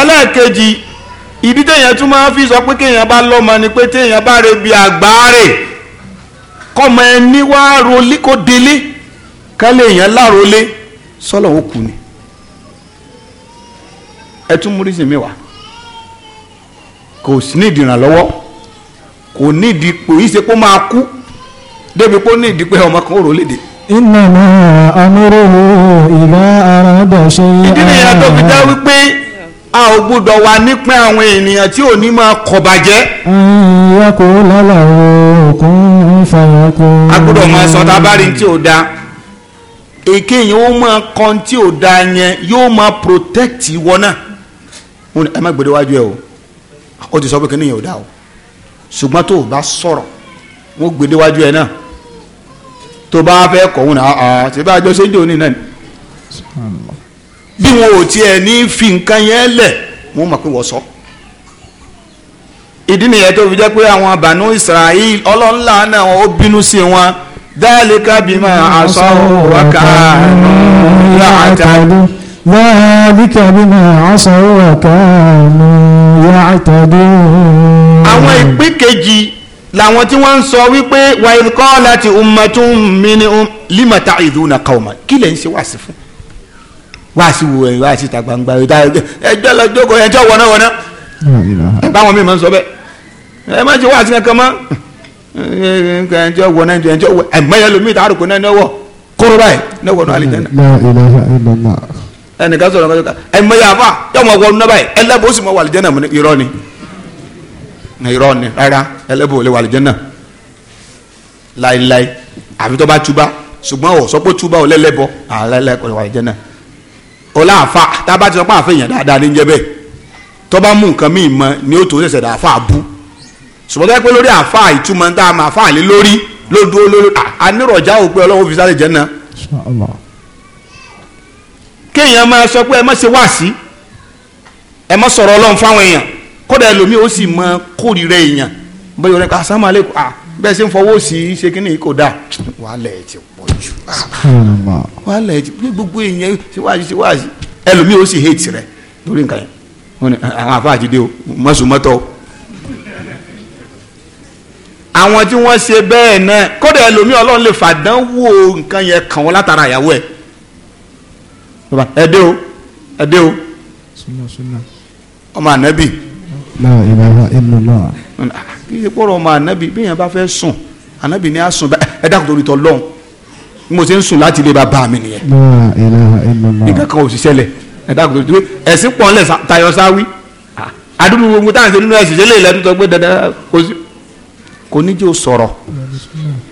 ẹlẹ́ẹ̀kejì ìdí téèyàn tún máa fi sọ pé kéèyàn bá lọ́mọ ni pé téèyàn bá rebi àgbáre kọ́mọ ẹni wá rolí kó délé kálẹ̀ èèyàn lárólé sọ́lọ̀ ó kù ni ẹ tún múrísìn kò sí ní ìdìrànlọ́wọ́ kò ní ìdí kò máa kú débi ní ìdí pé ọmọ kan ó iná náà amúròwò ìlà ara dà ṣe. ìdí nìyẹn tó fi wípé a gbọ́dọ̀ wà nípìn àwọn ènìyàn tí ò ní máa ìyá kò a máa èké yẹn ó máa kan tí ò da yẹn yóò máa protect ìwọ náà wọn ẹ má gbèdé ẹ o ó ti sọ pé kíní yẹn ò da o ṣùgbọ́n tó o bá sọ̀rọ̀ wọn gbèdé wájú ẹ náà tó bá fẹ́ kọ̀ wọn náà ah, ah, ṣe bá a jọ ṣe ń jò ní bí wọn ò tiẹ̀ ní fi nǹkan yẹn lẹ̀ wọn mọ̀ pé wọ́n sọ ìdí nìyẹn tó fi jẹ́ pé àwọn àbànú Israel ọlọ́ńlá náà ó ذلك بما عصوا وكانوا يعتدون ذلك بما عصوا وكانوا يعتدون àwọn ìpín kejì làwọn tí wọ́n ń sọ wípé wàyí kọ́ láti ummatun minhum lima ta'iduna qauman kí lè ń ṣe wáàsí fún wáàsí wo ẹ̀yìn wáàsí ta gbangba ẹjọ́ lọ jókòó ẹjọ́ wọnáwọná báwọn míì máa ń sọ bẹ́ẹ̀ ẹ má ṣe wáàsí kankan mọ́ ẹnjẹ wọ náà ẹnjẹ wọ ẹmẹyẹ lomi ta àrùkù náà ẹnẹwọ kóró báyìí ẹnẹwọ náà alìjẹnà ẹnìkan sọ̀rọ̀ nǹkan tó kà ẹmẹyẹ àfà yọmọ wọ náà báyìí ẹlẹ́bùn ó sì mọ wà alìjẹnà mu ní irọ́ ni irọ́ ni rárá ẹlẹ́bùn ò lè wà alìjẹnà láíláí àfi tó bá túbá ṣùgbọ́n ò sọ pé túbá ò lẹ́lẹ́bọ àlẹ́lẹ́kọ̀ọ́ wà alìjẹnà ọláàfà tá a bá ti sọ pé àfẹ́yàn dáadáa ní jẹ́ bẹ́ẹ̀ tó bá mú nǹkan ṣùgbọ́n tó yẹ pé lórí àfa ìtumọ̀ tá a máa fa àlè lórí ló dúró lórí anírọ̀já ò pé ọlọ́wọ́ fi sáré jẹ́ náà. kéèyàn máa sọ pé ẹ má ṣe wáàsí ẹ má sọ̀rọ̀ ọlọ́run fáwọn èèyàn kódà ẹlòmíì ó sì mọ kórìíra èèyàn bóyá ọ̀rẹ́ ká sámà lè kó à bẹ́ẹ̀ ṣe ń fọwọ́ sí ṣe kí ni kò dáa wàhálà ẹ̀ ti pọ̀ jù wàhálà ẹ̀ ti pé gbogbo èèyàn ṣe wáàsí ṣe wáàsí ẹlòmíì ó sì hate rẹ̀ lórí nǹkan yẹn àwọn àfa àti dé o mọ̀sùmọ́tọ̀ o àwọn tí wọ́n ṣe bẹ́ẹ̀ náà kódà ẹlòmíì ọlọ́run lè fàdánwò nǹkan yẹn kàn wọ́n látara ìyàwó ẹ̀ ẹdẹ o ẹdẹ o ọmọ ànábì kí ṣe pọ̀rọ̀ ọmọ ànábì bí èèyàn bá fẹ́ sùn ànábì ni a sùn ẹ dákun torí tọ́ lọ́hùn mo ṣe ń sùn láti ilé bàbá mi nìyẹn nǹkan kan ò sì ṣẹlẹ̀ ẹ dákun torí ẹ̀sìn pọ̀ ńlẹ̀ tayọ sáwí àdúgbò ah, gbogbo táwọn ṣe nínú ẹ̀sìn ṣẹlẹ̀ ìlẹ́dúntọ́ pé dandan kò sí kò ní jẹ́ o sọ̀rọ̀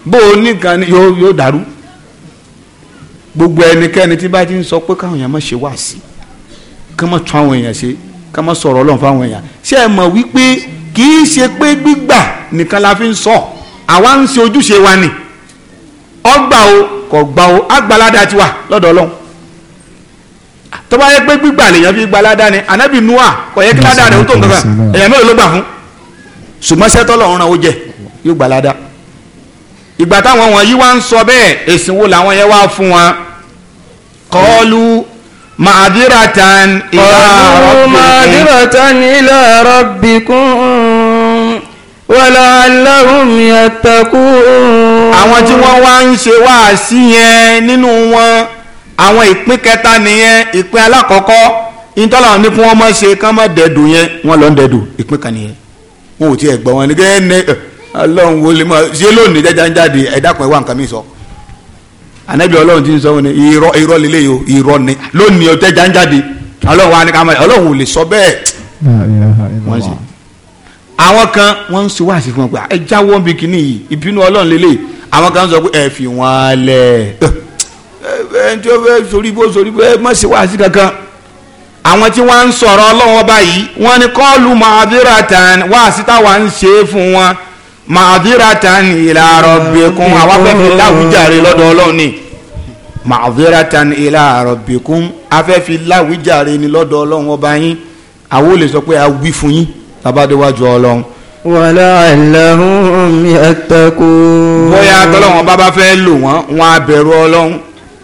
bó o ní gan yóò yóò dàrú gbogbo ẹnikẹ́ni tí bá ti ń sọ pé káwọn èèyàn má ṣe wá sí ká má tún àwọn èèyàn ṣe ká má sọ̀rọ̀ ọlọ́run fáwọn èèyàn ṣé ẹ mọ̀ wípé kì í ṣe pé gbígbà nìkan la fi ń sọ àwa ń ṣe ojúṣe wa ni ọgbà o kò gbà o àgbàládà tiwa lọ́dọ̀ ọlọ́run tó bá yẹ pé gbígbà lèèyàn fi gbalada ni anabi nua kò yẹ kí ládàá rẹ̀ ó tó nǹkan kan èèyàn mẹ́rin ló gbà fún ṣùgbọ́n lọ́run náà ó jẹ́ yóò gbà ládàá ìgbà táwọn wọ̀nyí wá ń sọ bẹ́ẹ̀ èsì wo làwọn yẹn wá fún wọn kọ́ọ́lù màdíratan ilà rabbikum wala'allahum yattaqun. àwọn tí wọ́n wá ń ṣe wáàsí yẹn nínú wọn àwọn ìpín kẹta nìyẹn ìpín alákọ̀ọ́kọ́ ìtọ́lá ní fún wọn mọ̀ ṣe kán mọ̀ dẹ̀dùn yẹn wọ́n lọ ń ìpín kan nìyẹn wọn ò tiẹ̀ gbọ́ wọn ní gẹ́gẹ́ ọlọ́run wo lè mọ ṣé lónìí jẹjẹ ń jáde ẹ̀dá kan ẹ̀wá nǹkan mi sọ anabi ọlọ́run ti ń sọ wọn ni irọ́ irọ́ yìí o irọ́ ni lónìí ọjọ́ ń ọlọ́run wa ni ká máa lè sọ bẹ́ẹ̀ kan wọ́n ń fún wọn pé ẹ jáwọ́ bí yìí ìbínú ọlọ́run kan sọ pé ẹ fi wọn ẹ bó bó ẹ má kankan àwọn tí wọ́n ń sọ̀rọ̀ ọlọ́run ọba yìí wọ́n kọ́ọ̀lù tán fún wọn màdíratan ìlà rabbikum àwa fẹ́ fi láwùjáre lọ́dọ̀ ọlọ́run ni màdíratan ìlà rabbikum afẹ́ fi láwùjáre ni lọ́dọ̀ ọlọ́run ọba yín àwọn olè sọ pé a wí fún yín labádéwájú ọlọ́run. wàlá ìlàhùn yattaqun. bóyá tọ́lọ́wọ́n bá bá fẹ́ lò wọ́n wọn á bẹ̀rù ọlọ́run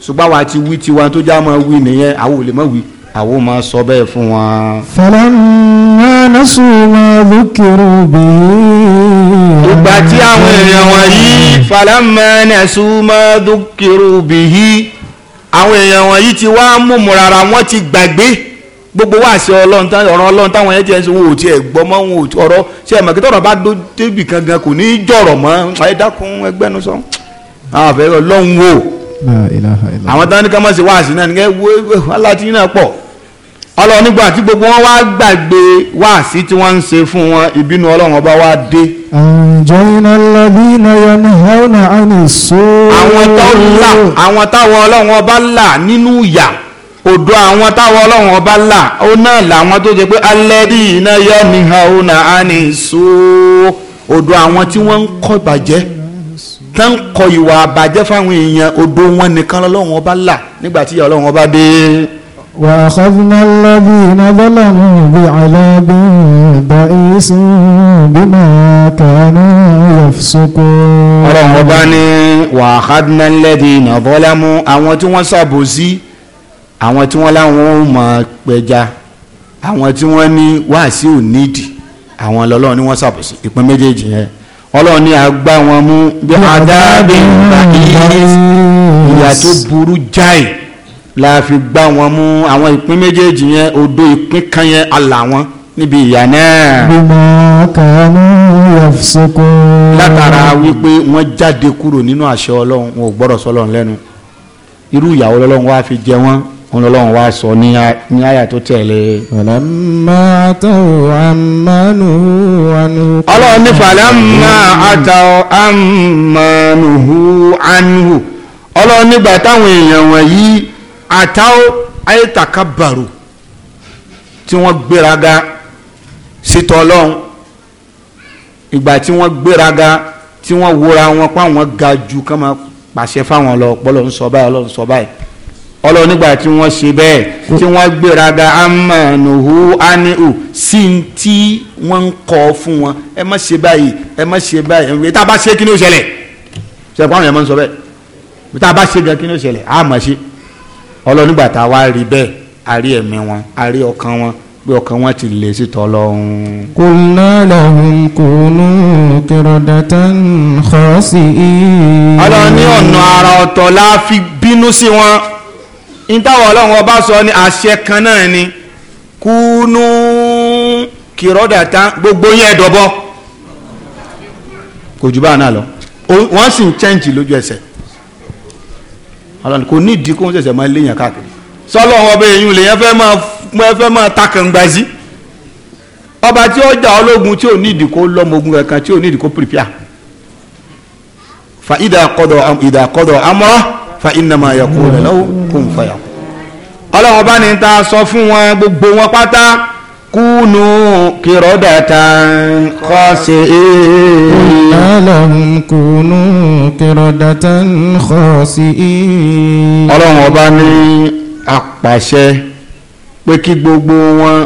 ṣùgbọ́n àwa ti wí tiwa tó já máa wí nìyẹn àwọn olè máa wí àwọn máa sọ bẹ́ẹ̀ fún wọn. falamma nasu ma dhukiru bihi ìgbà tí àwọn èèyàn wọ̀nyí falamẹ́nẹ̀ súnmọ́ dúkìrú bìhí àwọn èèyàn wọ̀nyí ti wá múmu rárá wọ́n ti gbàgbé gbogbo wáàsí ọlọ́run tán ọ̀rọ̀ ọlọ́run táwọn yẹn ti ẹ̀ ń sọ wọn ò tiẹ̀ gbọ́ mọ́ wọn ò tí ọ̀rọ̀ ṣe ẹ̀mọ̀ kí tọ̀rọ̀ bá débi gangan kò ní í jọ̀rọ̀ mọ́ ẹ dákun ẹgbẹ́nu sọ àwọn àfẹ́ ọlọ́run wò àwọn táwọn ní ká má ṣe náà ní kẹ́ wọ́n aláàtí náà pọ̀ ọlọ́run nígbà tí gbogbo wọn wá gbàgbé wáàsí tí wọ́n ń ṣe fún wọn ìbínú ọlọ́run ọba wá dé. àjọyìnà lọ́bìnà yẹnu hẹ́ọ̀nà àìní so. àwọn tó là àwọn táwọn ọlọ́run ọba là nínú ìyà odò àwọn táwọn ọlọ́run ọba là ó náà làwọn tó ṣe pé alẹ́bìnà yẹnu hẹ́ọ̀nà àìní so. odò àwọn tí wọ́n ń kọ́ ìbàjẹ́ tá ń kọ ìwà àbàjẹ́ fáwọn èèyàn odò wọn nìkan ọlọ́run ọba là nígbà tí ìyà ọlọ́run ọba dé. وأخذنا الذين ظلموا بعذاب بئيس بما كانوا يفسقون ọlọ́run ọba ní وأخذنا الذين ظلموا àwọn tí wọ́n ṣàbòsí àwọn tí wọ́n láwọn ò mọ̀ pẹja àwọn tí wọ́n ní wáàsí ò nídìí àwọn lọ́lọ́run ni wọ́n ṣàbòsí ìpín méjèèjì yẹn ọlọ́run ni a gbá wọn mú bí adáàbí ìyà tó burú jáì la fi gbá wọn mú àwọn ìpín méjèèjì yẹn odò ìpín kan yẹn àlà wọn níbi ìyà náà. bímọ kàánú yafsoko. látara wípé wọ́n jáde kúrò nínú àṣẹ ọlọ́run wọn ò gbọ́dọ̀ sọlọ́run lẹ́nu irú ìyàwó lọ́lọ́run wá fi jẹ wọ́n wọn lọ́lọ́run wá sọ ní àyà tó tẹ̀lé. falamma ataw ammanu anhu. ọlọ́run ní falamma ataw ammanu anhu. ọlọ́run nígbà táwọn èèyàn wọ̀nyí àtàwọn ayétaka bàrò tí wọ́n gbéraga sítọ́ ọlọ́run ìgbà tí wọ́n gbéraga tí wọ́n wúra wọn pa wọn ga ju kán máa pàṣẹ fáwọn lọ ọpọlọ ń sọ báyìí ọlọ́run sọ báyìí ọlọ́run nígbà tí wọ́n ṣe bẹ́ẹ̀ tí wọ́n gbéraga amanuhu anihu sí tí wọ́n ń kọ́ fún wọn ẹ má ṣe báyìí ẹ má ṣe báyìí ẹ tá a bá ṣe kí ni ó ṣẹlẹ̀ ṣẹlẹ̀ pàrọ̀ yẹn máa ń sọ bẹ́ẹ̀ tá a bá ṣe gan kí ni ó ṣẹlẹ̀ á ṣe ọlọ́nígbà tá a wá rí bẹ́ẹ̀ a rí ẹ̀mí wọn a rí ọkàn wọn pé ọkàn wọn ti lè sí tọ́lọ́hún. qulna lahum kunu qiradatan khasi'in. ọlọ́run ní ọ̀nà ara ọ̀tọ̀ la fi bínú sí wọn ìtawọ̀ ọlọ́run ọba sọ ní àṣẹ kan náà ni kunu qiradatan gbogbo yẹn dọ̀bọ kò jù bá a náà lọ wọ́n sì ń chẹ́ǹjì lójú ẹsẹ̀ ọlọ́run kò ní ìdí kó ń ṣẹ̀ṣẹ̀ máa léèyàn káàkiri sọlọ́ wọn bẹ eyín lèyàn fẹ́ máa mọ́ ẹ fẹ́ máa takàngbà sí ọba tí ó jà ológun tí ò ní ìdí kó lọ́mọ ogun kankan tí ò ní kó pìrìpìà fa ìdàkọ́dọ̀ amọ́ fa ìnàmà yẹ̀kú lọ́wọ́ kó ń sọ fún gbogbo wọn pátá kúnú kìrọ́dàtà kọ́sì ìrìn aláhùn kúnú kìrọ́dàtà kọ́sì ìrìn ọlọ́run ọba ní àpàṣẹ pé kí gbogbo wọn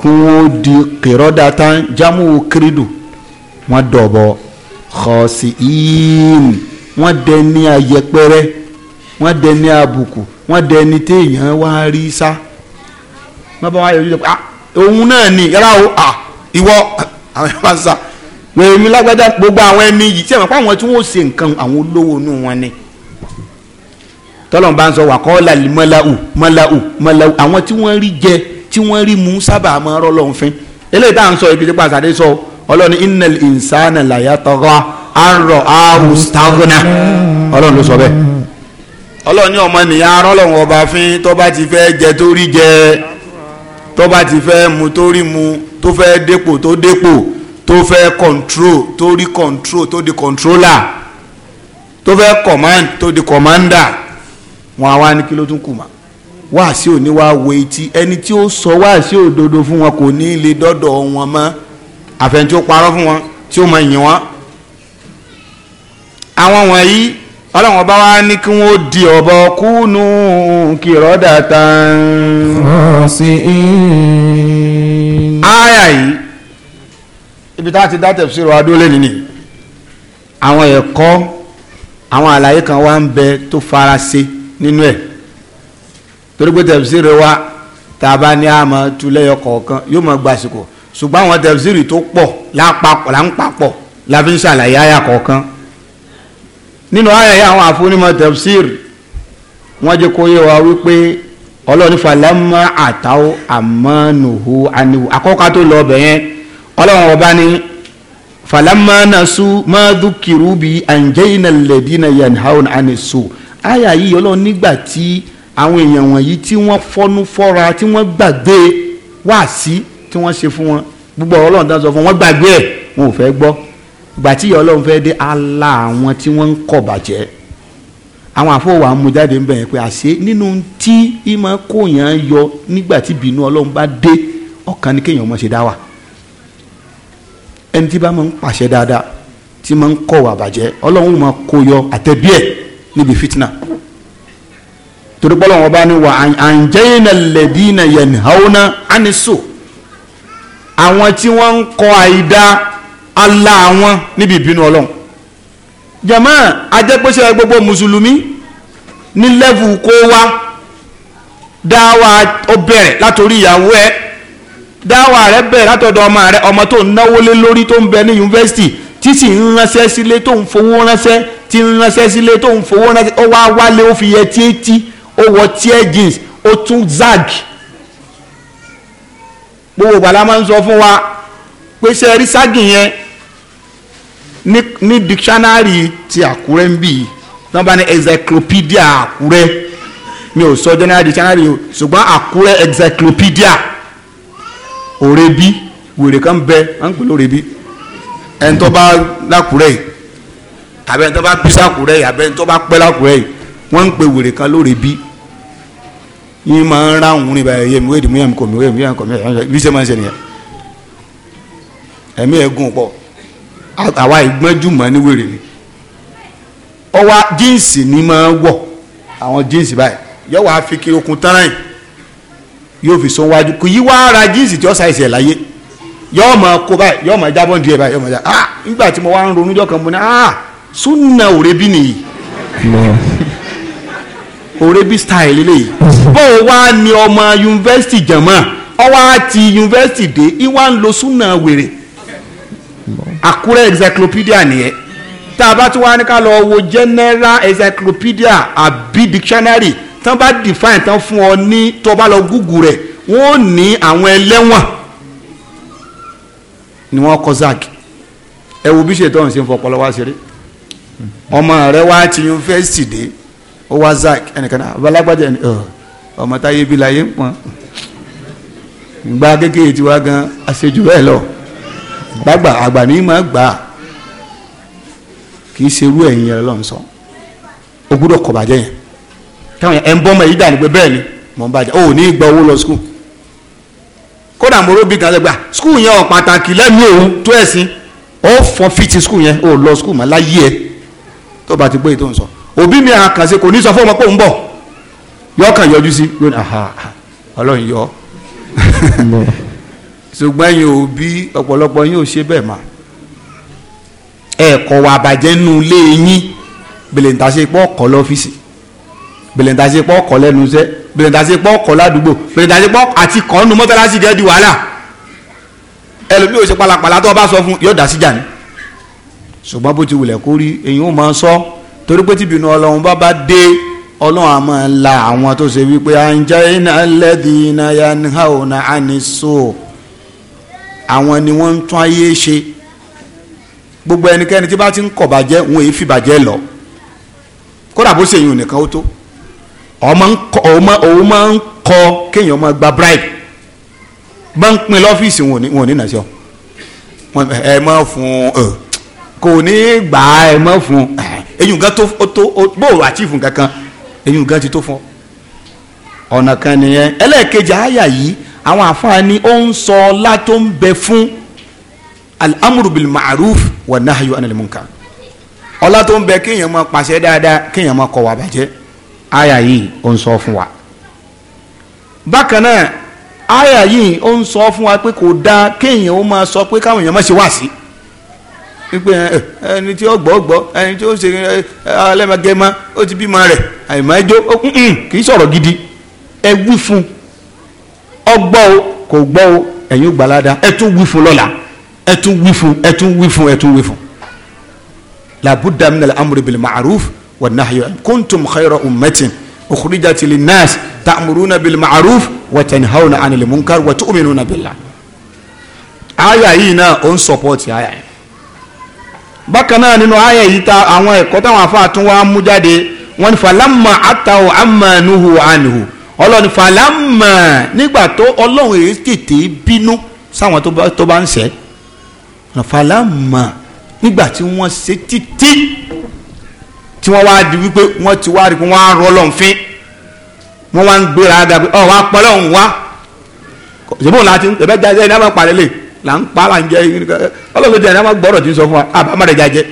kí wọ́n di kìrọ́dàtà jámù kírìdù wọ́n dọ̀bọ̀ kọ́sì ìrìn wọ́n dẹni àyẹpẹrẹ wọ́n dẹni àbùkù wọ́n dẹni téèyàn wá rí sá wọ́n bá wá yọjú lọ pé ah òun náà ni yàrá o à ìwọ àwọn yàrá sà wọ́n èmi lágbájá gbogbo àwọn ẹni yìí tí àwọn àwọn tí wọ́n ṣe nǹkan àwọn olówó inú wọn ni tọ́lọ̀ bá ń sọ wàkọ́ọ́lá mọ́láhù mọ́láhù mọ́láhù àwọn tí wọ́n rí jẹ tí wọ́n rí mú sábà máa rọ́ lọ́n fín eléyìí tá à ń sọ ibi tí pàṣẹ sọ ọlọ́ni innal insana layatgha arọ ahu stagna ọlọ́run ló sọ bẹ́ẹ̀ ọlọ́run ní ọmọ nìyá arọ́lọ́run ọba fín tó bá ti fẹ́ jẹ tó rí jẹ tó bá ti fẹ́ mu tó rí mu tó fẹ́ dépò tó dépò tó fẹ́ control tó rí control tó di controller tó fẹ́ command tó di commander wọn àwa ní kí ló tún kù mà wáàsí òní wá wo etí ẹni tí ó sọ wáàsí òdodo fún wọn kò ní lè dọ́dọ̀ wọn mọ́ àfẹn tí ó parọ́ fún wọn tí ó mọ ìyìn wọn àwọn wọ̀nyí ọlọ́run ọba wa ní kí wọ́n di ọ̀bọ kúnú kìrọ́dà tán. àyà yìí ibi tá a ti dá tẹ̀síwò adólè nìyí àwọn ẹ̀kọ́ àwọn àlàyé kan wá ń bẹ tó faraṣe nínú ẹ̀ torí pé tẹ̀síwò wa tá a bá ní àmọ́ tulẹ̀yọ kọ̀ọ̀kan yóò mọ̀ gbàsìkò ṣùgbọ́n àwọn tẹ̀síwò tó pọ̀ lápapọ̀ là ń la fi ń ṣàlàyé àyà kọ̀ọ̀kan nínú ayẹyẹ àwọn àfúnímọ̀ tafsir wọ́n jẹ́ kó yé wa wípé ọlọ́ọ̀ni falẹ́mọ́ àtàwọ̀ àmọ́nùhù àníwò àkọ́kọ́ tó lọ ọbẹ̀ yẹn ọlọ́wọ́n ọba ni falẹ́mọ́ náà sú mọ́dúkìrú bí àǹjẹ́yìnà lẹ́dínà yanhaun àníṣù ayà yìí ọlọ́ọ̀ nígbà tí àwọn èèyàn wọ̀nyí tí wọ́n fọ́nú fọ́ra tí wọ́n gbàgbé wáàsí tí wọ́n ṣe fún wọn gbogbo ọlọ́run dá sọ fún wọn gbàgbé ẹ̀ wọn ò fẹ́ gbọ́ gbàtí ìyá ọlọ́run fẹ́ dé ala àwọn tí wọ́n ń kọ̀ bàjẹ́ àwọn àfọwà mú jáde ń bẹ̀rẹ̀ pé àṣé nínú tí ìmọ̀ kóyàn yọ nígbà tí bínú ọlọ́run bá dé ọkàn ni kéèyàn mọ̀ ṣe dá wà ẹni tí bá máa ń pàṣẹ dáadáa tí máa ń kọ̀ wà bàjẹ́ ọlọ́run máa kó yọ àtẹ̀bí ẹ̀ níbi fitna torí pé ọlọ́run ọba ni wà àǹjẹ́yìnà lẹ́dínà yẹn hàwọ́nà ánísò àwọn tí wọ́n ń kọ àìdá ala àwọn níbi ìbínú ọlọ́run jama ajẹ́pẹ́sẹ́ gbogbo mùsùlùmí ní lẹ́fù kó wá dáwà ó bẹ̀rẹ̀ látòrí ìyàwó ẹ̀ dáwà rẹ̀ bẹ̀rẹ̀ látọ̀dọ̀ ọmọ rẹ̀ ọmọ tó ń náwó lé lórí tó ń bẹ ní yunifásitì tí sì ń ránṣẹ́ sílé tó ń fowó ránṣẹ́ tí ń ránṣẹ́ sílé tó ń fowó ránṣẹ́ ó wá wálé ó fi yẹ tí ó wọ tear jeans ó tún zag gbogbo gbàlá máa ń sọ fún wa pé ṣe rí ságì yẹn ní ní dictionary ti àkúrẹ́ ń bì tán bá ní encyclopedia àkúrẹ́ mi ò sọ general dictionary o ṣùgbọ́n àkúrẹ́ encyclopedia òrebi wèrè kan bẹ wọn pè lórebi ẹni tó bá lákúrẹ́ yìí àbẹ ẹni tó bá bí sákúrẹ́ yìí àbẹ ẹni tó bá pẹ́ lákúrẹ́ yìí wọ́n ń pè wèrè kan lórebi yín máa ń ráhùn ní báyìí yé mi wéèdì mi yàn kò mi wéèdì mi yàn kò mi yàn kò mi bí sẹ́ máa ń ṣe nìyẹn ẹ̀mí ẹ̀ gùn pọ̀ àwa ìgbọ́njú mọ́ ní wèrè ni ọwọ́ jíǹsì ni máa wọ̀ àwọn jíǹsì báyìí yóò wá fi kí okun tán ráyìn yóò fi so wájú kò yí wá ra jíǹsì tí ó ṣàìsì ẹ̀ láyé yóò máa kó báyìí yóò máa jábọ̀ díẹ̀ báyìí yóò máa já ah nígbà tí mo wá ń ronú jọ́ kan mo ní ah súnà òrebí nìyí [laughs] òrebí style lélẹ́yìí [laughs] bó o wá ní ọmọ yunifásitì jẹ̀mọ́ ọ wá ti yunifásitì dé ìwà ń lo súnà wèrè àkúrẹ́ encyclopedia nìyẹn tá a bá tún wá ní ká lọ wo general encyclopedia àbí dictionary tán bá define tán fún ọ ní tó bá lọ gúgù rẹ̀ wọ́n ò ní àwọn ẹlẹ́wọ̀n ni wọ́n kọ́ zag ẹ wo bí ṣètò ọ̀hún ṣe ń fọpọlọ wá ṣeré ọmọ rẹ wá ti yunifásitì dé ó wá zag ẹnìkan náà abalagbájá ẹni ọmọ táyé bí láyé ń pọn ìgbà kékeré tiwa gan àṣejù bẹ́ẹ̀ lọ gbàgbà àgbà ní máa gbà kì í ṣerú ẹ̀yìn yẹn lọ́n sọ o gbúdọ̀ kọ̀ bàjẹ́ yẹn káwọn yẹn ẹ̀ ń bọ́ ọmọ yìí dà ní pé bẹ́ẹ̀ ni mọ̀ ń bàjẹ́ o ò ní gba owó lọ skul kódà mo róbi kan sẹ́gbà skul yẹn ọ̀ pàtàkì lẹ́nu òun tó ẹ̀sìn ó fọ́n fìtì skul yẹn ó lọ skul mọ́ láyé ẹ̀ tó bá ti gbé ètò ń sọ òbí mi àkànṣe kò ní sọ fún pé òun bọ̀ yọ kàn yọjú sí lónìí ọlọ́run yọ ṣùgbọ́n ẹ̀yin òbí ọ̀pọ̀lọpọ̀ yín ò ṣe bẹ́ẹ̀ mà ẹ̀kọ́ wa bàjẹ́ nù lé yín bèlèǹtàṣepọ̀ ọkọ̀ lọ́fíìsì bèlèǹtàṣepọ̀ ọkọ̀ lẹ́nu iṣẹ́ bèlèǹtàṣepọ̀ ọkọ̀ ládùúgbò bèlèǹtàṣepọ̀ àti kọ́ọ̀nù mọ́tàlásì jẹ́ di wàhálà ẹlòmíì ò ṣe palapàla tó o bá sọ fún yóò dá síjà ni ṣùgbọ́n bó ti wulẹ̀ kó rí èyí ó máa sọ torí pé tìbínú ọlọ́run bá bá dé ọlọ́run àmọ́ la àwọn tó ṣe wípé anjẹ́ iná lẹ́dí iná yanhauna àníṣó àwọn ni wọ́n ń tún ayé ṣe gbogbo ẹnikẹ́ni tí bá ti ń kọ̀ bàjẹ́ wọn èyí fi bàjẹ́ lọ kódà bó ṣèyìn nìkan ó tó òun máa ń kọ kéèyàn máa gba bribe máa ń pin lọ́fíìsì wọn ò ní nàṣọ ẹ mọ fún kò ní gbà ẹ mọ fún eyín kan tó tó bóòrò àchífù kankan eyín kan ti tó fún ọ ọ̀nà kan nìyẹn ẹlẹ́ẹ̀kejì àyà yìí àwọn àfáàní ó ń sọ ọlá tó ń bẹ fún al-amru bil ma'ruf wa nahyu anil munkar ọlá tó ń bẹ kéèyàn máa pàṣẹ dáadáa kéèyàn máa kọ̀ wà bàjẹ́ àyà yìí ó ń sọ fún wa bákan náà àyà yìí ó ń sọ fún wa pé kò dáa kéèyàn ó máa sọ pé káwọn èèyàn má ṣe wá sí pípé eh, eh, ẹni tí ó gbọ́ gbọ́ ẹni tí ó ṣe eh, alẹ́mọ̀gẹ́mọ́ ó ti bímọ rẹ̀ àìmọ́ ẹjọ́ kì í sọ̀rọ̀ gidi ẹ fún un ọgbọ́ o kò gbọ́ o ẹ̀yin ò gbà ládàá ẹ tún wí fún lọ́la ẹ tún wí fún ẹ tún wí fún ẹ tún wí fún. labuda minal amri bil ma'ruf wa nahyi kuntum khayra ummatin ukhrijat lin nas ta'muruna bil ma'ruf wa tanhawna 'anil munkar wa tu'minuna billah. aya yìí náà ó ń aya yìí bákan náà aya yìí ta àwọn ẹ̀kọ́ táwọn afáàtún wa mú jáde wọn ni falamma ataw amanuhu anhu ọlọ́run fàlámà nígbà tó ọlọ́run èyí tètè bínú sáwọn tó bá ń ṣẹ̀ fàlámà nígbà tí wọ́n ṣe títí tí wọ́n wá di wípé wọ́n ti wá rí pé wọ́n á rọ ọlọ́run fín wọ́n wá ń gbéra aga pé ọ̀ wá pọ̀ lọ́hùn wá ṣùgbọ́n láti ẹ̀bẹ́ jajẹ́ ní a máa pàdé lè là ń pa là ń jẹ ọlọ́run jẹ́ ní a máa gbọ́rọ̀ tí ń sọ fún wa àbámọ̀rẹ̀ jajẹ́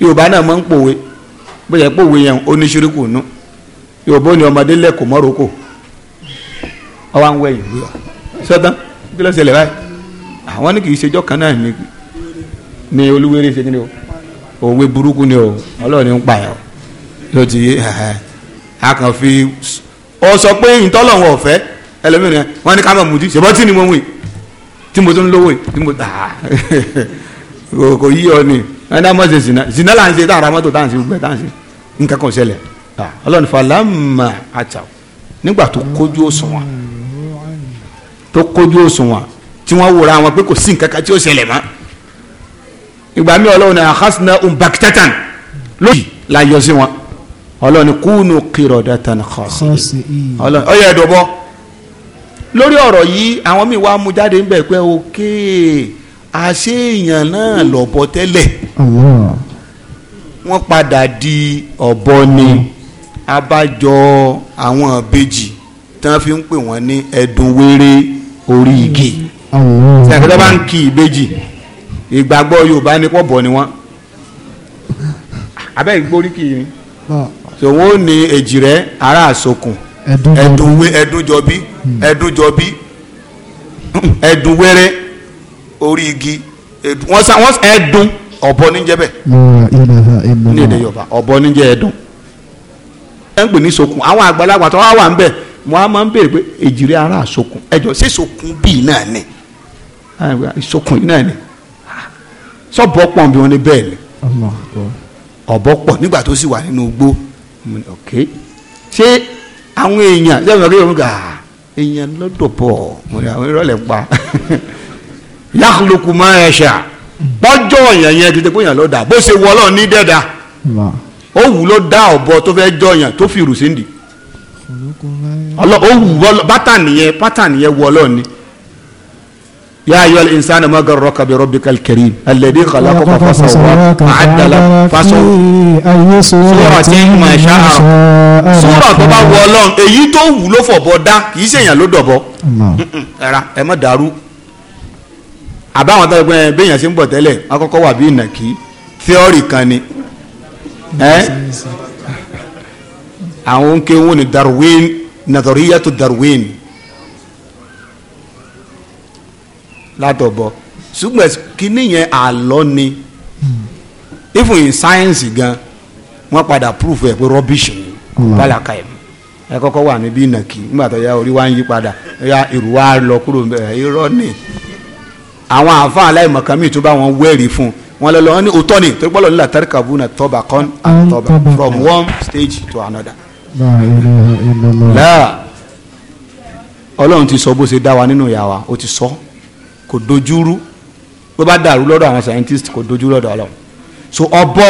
yorùbá náà máa ń pòwe bó pòwe yẹn oníṣiríkù nù. yorùbá ni ọmọdé lẹ́kọ̀ọ́ mọ́rọ́kò ọwọ́ àwọn ẹ̀yìn wíwá sọ́tàn kí ló ṣẹlẹ̀ báyìí àwọn ní kì í ṣèjọ́ kan náà ni ni olúwerè ṣe kíni o òwe burúkú ni o ọlọ́ọ̀ni ń pààyàn ti a kàn fi ọ sọ pé ìtọ́lọ́wọ̀n ọ̀fẹ́ ẹlẹ́mìíràn wọn ní ká máa mutí ṣèbọ́ tí ni mo wì tí mo tó ń lówó tí mo tà [laughs] kò yí ọ ni ẹ náà mọ̀ ṣe zina zina là ń ṣe tá àrà mọ́tò tá à ń ṣe gbẹ tá à ń ṣe nǹkan kan ṣẹlẹ̀ Ah, ọlọ́run falamma àtàw nígbà tó kójú òṣùwọ̀n tó kójú òṣùwọ̀n tí wọ́n wòra wọn pé kò sí nǹkan kan tí ó ṣẹlẹ̀ mọ́ ìgbà mi ọlọ́run náà hasna um bakitatan lóyìí la yọ sí wọn ọlọ́run kúnú kírọ̀dátàn xọ́sì ọlọ́run ọyọ ẹ̀dọ̀ bọ́ lórí ọ̀rọ̀ yìí àwọn míì wá mú jáde ń bẹ̀ pé òkè àṣé náà lọ̀bọ tẹ́lẹ̀ wọ́n padà di ọ̀bọ ni. Allah abájọ àwọn ìbejì tí wọ́n fi ń pè wọ́n ní ẹ̀dùn wéré orí igi sẹ̀kẹ́tẹ́ bá ń kí ìbejì ìgbàgbọ́ Yorùbá ní pọ̀bọ̀ ni wọ́n abẹ́ ìgbórí kì í ni so wọ́n ní èjìrẹ́ ará àsokùn ẹ̀dùn ẹ̀dùnjọbí ẹ̀dùnjọbí hmm. ẹ̀dùn wéré orí igi wọ́n ẹ̀dùn ọ̀bọ níjẹ́ bẹ́ẹ̀ ní èdè Yorùbá ọ̀bọ níjẹ́ ẹ̀dùn ń pè ní sokun àwọn àgbàlagbà tó wá wà ń bẹ̀ mo máa ń béèrè pé èjìrè ara àsokun ẹjọ sí sokun bíi náà ni sokun yìí náà ni sọ́ọ̀bù ọ̀pọ̀ bí wọ́n ní bẹ́ẹ̀ ni ọ̀bọ pọ̀ nígbà tó sì wà nínú igbó ṣé àwọn èèyàn ṣé àwọn èèyàn gà èèyàn lọ́dọ̀ pọ̀ àwọn ìrọ̀lẹ́ pa yàtúlùkù máa ẹ̀ ṣà pọ́jọ́ èèyàn yẹn ti tẹ́ pé èèyàn lọ́dà bó ṣe wọ́ ní dẹ́dà òwú ló dá ọ̀bọ tó fẹ́ jọyàn tó fi rùsí ndì òwú bátà nìyẹn bátà nìyẹn wọ ọlọ́ọ̀ni yà á yọ ìnsánà má gàrọ kàbí rọbì kàlkiri alẹ́dí kàlá kó kà fásọ wà àdàlà fásọ sọ̀rọ̀ tí mà ṣá à ah. sọ̀rọ̀ tó bá wọ ọlọ́ọ̀n èyí tó wù ló fọ̀bọ dá kì í ṣèyàn ló dọ̀bọ ẹ̀ra ẹ̀ má dàrú àbáwọn tó gbẹ bẹ́yàn sí ń bọ̀ tẹ́lẹ̀ akọ́kọ́ wà bí ìnàkí theory kan ni Eh? àwọn ke wọ́n ní Darwin nadhariyatu Darwin látọ̀bọ̀ ṣùgbọ́n kíní yẹn àlọ́ ni hmm. even in science gan wọ́n padà proof ẹ̀ pé rubbish ni hmm. bálàkà ẹ̀ ẹ kọ́kọ́ wà níbí ìnàkí nígbà tó yá orí wa ń yí padà yá èrò wa lọ kúrò ń bẹ̀rẹ̀ irọ́ ni àwọn àáfàá aláìmọ̀kan tó bá wọn wẹ́rìí fún un wọn lọ lọ wọn ní òótọ́ ni torí pọ́lọ́ nílà tẹ́ríkà bú na tọ́ba kan and tọ́ba from one stage to another. láà ọlọ́run ti sọ bó ṣe dá wa nínú ìyá wa ó ti sọ kò dojúrú bó bá dàrú lọ́dọ̀ àwọn scientist kò dojúrú lọ́dọ̀ ọlọ́run so ọbọ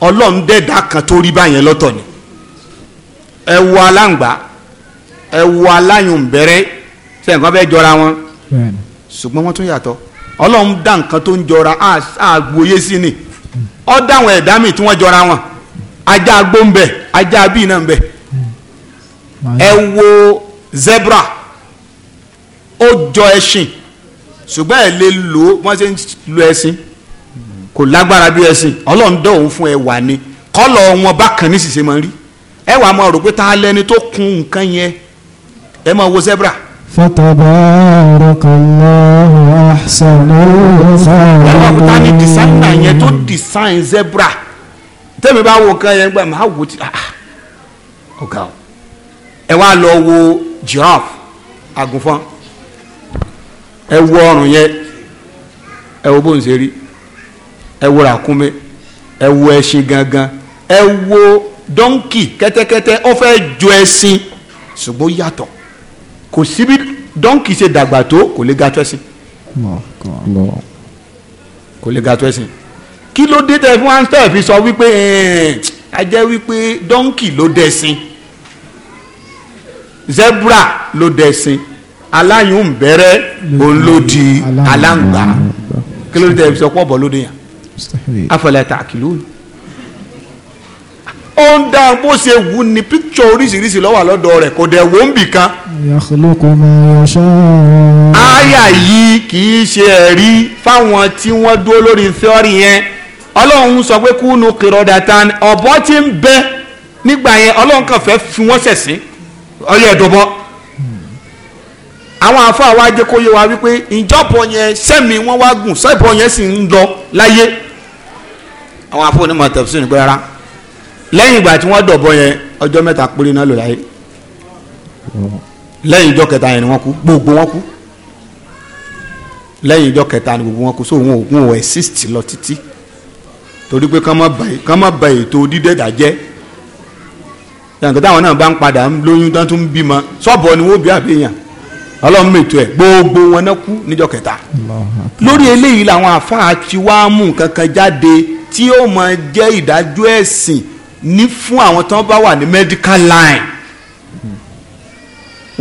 ọlọ́run dẹ́ẹ̀dá kan tó rí báyẹn lọ́tọ̀ ni ẹ wo aláǹgbá ẹ wo aláyùnbẹ̀rẹ̀ sẹ́yìn kan bẹ́ẹ̀ jọra wọn ṣùgbọ́n wọ́n tún yàtọ̀ ọlọ́run dá nǹkan tó ń jọra àgbòye sí ni ọ dáwọn ẹ̀dá mi tí wọ́n jọra wọn ajá agbó ń bẹ ajá abí náà ń bẹ hmm. ẹ wo zebra ó jọ ẹṣin ṣùgbọ́n ẹ lè lò ó wọ́n ṣe ń lo ẹṣin kò lágbára bí ẹṣin ọlọ́run dá òun fún ẹwà ni kọ́lọ̀ wọn bákan ní ṣìṣe máa ń rí ẹwà máa rò pé ta lẹni tó kun nǹkan yẹn ẹ máa wo zebra fatabarakallahu ahsanul khaliqin. ọlọ́run ta ni dísáínà yẹn tó dísáìn zebra tẹ́mi bá wo kan yẹn gbà máa wò ti ah, ah. ọ̀gá o ẹ wá lọ wo giraffe àgùnfọ́n ẹ wo ọrùn yẹn ẹ wo bó ń ṣe rí ẹ wo ràkúnmí ẹ wo ẹṣin gangan ẹ wo dọ́ńkì kẹ́tẹ́kẹ́tẹ́ ó fẹ́ jọ ẹṣin ṣùgbọ́n yàtọ̀ kò síbi dọ́ǹkì ṣe dàgbà tó kò lè ga tó ẹ̀sìn kò lè ga tó ẹ̀sìn kí ló dé tẹ fún anstel fi sọ wípé a jẹ́ wípé dọ́ǹkì ló dẹ̀sìn zebra ló dẹ̀sìn aláyùn ń bẹ̀rẹ̀ òun ló di aláǹgbá kí ló dé tẹ fi sọ pọ̀ bọ́ lóde yàn afẹlẹ tàkìlú ó ń dá bó ṣe wù ní píkṣọ oríṣiríṣi lọ́wọ́ àlọ́dọ̀ rẹ̀ kò dẹ̀ wọ́n bì kan yakhluqu ma yasha. àyà yìí kì í ṣe ẹ̀rí fáwọn tí wọ́n dúró lórí theory yẹn ọlọ́run sọ pé kúnú kìrọ̀dàtàn ọ̀bọ tí ń bẹ nígbà yẹn ọlọ́run kan fẹ́ fi wọ́n ṣẹ̀sín ọyẹ ẹ̀dọ́bọ. àwọn àfáà wa jẹ́ kó yé wa wípé ìjọpọ̀ yẹn sẹ́mi wọ́n wá gùn sẹ́pọ̀ yẹn sì ń lọ láyé. àwọn àfáà onímọ̀ tẹ̀síwìn gbé rárá lẹ́yìn ìgbà tí wọ́n dọ̀bọ yẹn ọjọ́ mẹ́ta péré náà lò láyé lẹ́yìn ìjọ kẹta yẹn ni wọ́n kú gbogbo wọn kú lẹ́yìn ìjọ kẹta ni gbogbo wọn kú so wọn ò wọn ò exist lọ títí torí pé kán má ba ètò dídẹ́dà jẹ́ yàtọ̀ táwọn náà bá ń padà lóyún tán tún bímọ sọ́bọ̀ ni wọ́n bí àbíyàn ọlọ́run mètò ẹ̀ gbogbo wọn náà kú níjọ kẹta lórí eléyìí làwọn àfáà ti wá mú nǹkan kan jáde tí ó máa jẹ́ ìdájọ́ ẹ̀sìn ní fún àwọn tán bá wà ní medical line. Mm -hmm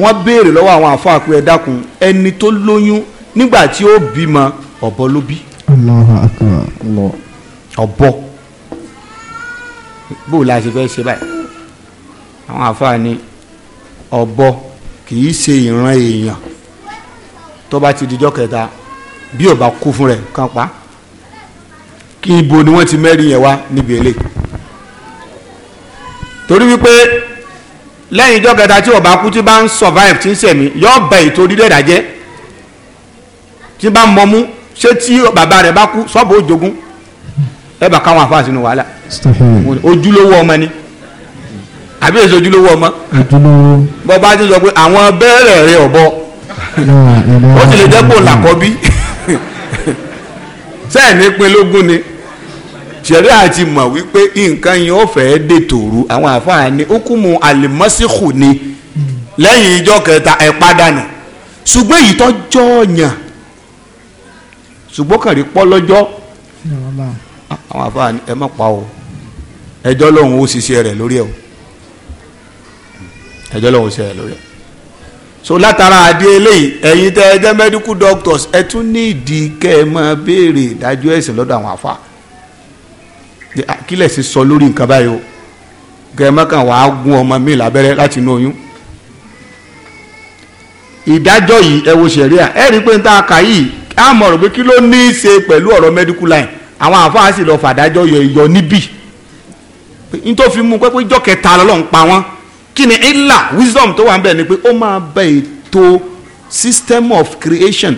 wọ́n béèrè lọ́wọ́ àwọn àfáà pé ẹ dákun ẹni tó lóyún nígbà tí ó bímọ ọ̀bọ ló bí. Allahu ọ̀bọ bó la ṣe fẹ́ ṣe báyìí àwọn àfáà ni ọ̀bọ kì í ṣe ìran èèyàn tó bá ti dijọ́ kẹta bí ò bá kú fún rẹ̀ kàn pa kí ibo ni wọ́n ti mẹ́rin yẹn wá níbi eléyìí torí wípé lẹ́yìn ijọ́ kẹta tí ọba kú tí bá ń survive tí ń sẹ̀mí yóò bẹ̀ ètò orílẹ̀ èdè jẹ́ tí bá ń mọ̀mú ṣé tí bàbá rẹ̀ bá kú sọ́ọ̀bù òjogún ẹ bá káwọn àfa sínú wàhálà ojúlówó ọmọ ni àbí èso ojúlówó ọmọ bọ́ bá ti sọ pé àwọn bẹ́ẹ̀rẹ̀ rẹ̀ ọ̀bọ ó sì lè jẹ́ pò làkọ́bí sẹ́ẹ̀ [laughs] ní pinlógún ni ṣẹ̀rí àti mọ̀ wípé nǹkan yẹn ó fẹ́ dé tòru àwọn àfáà ní ókùnmù àlèmọ́síkù ni lẹ́yìn ìjọ kẹta ẹ̀ pàdánù ṣùgbọ́n èyí tó jọ̀ọ̀yàn ṣùgbọ́n kàrí pọ́ lọ́jọ́ àwọn àfáà ẹ má pa o ẹjọ́ lòun ó ṣiṣẹ́ rẹ̀ lórí ẹ̀ o ẹjọ́ lòun ó ṣiṣẹ́ rẹ̀ lórí ẹ̀ so látara adé eléyìí ẹ̀yin tẹ́ ẹ jẹ́ medical doctors ẹ tún ní ìdí kẹ́ ẹ máa béèrè ìdájọ́ ẹ̀sìn lọ́dọ̀ àwọn àfáà kílẹ̀ sí sọ lórí nǹkan báyìí o gẹ̀ẹ́mọ́kàn wàá gún ọmọ mi lábẹ́rẹ́ láti inú oyún ìdájọ́ yìí ẹ wo ṣẹ̀ríà ẹ rí i pé n ta kà yìí á mọ̀ rò pé kí ló ní í ṣe pẹ̀lú ọ̀rọ̀ medical line àwọn àfáà sì lọ fàdájọ́ yọ ìyọ níbì n tó fi mú un pé ìjọ kẹta lọ́lọ́ pa wọ́n kí ni ìlà wisdom tó wà ń bẹ̀ ni pé ó máa bẹ ètò system of creation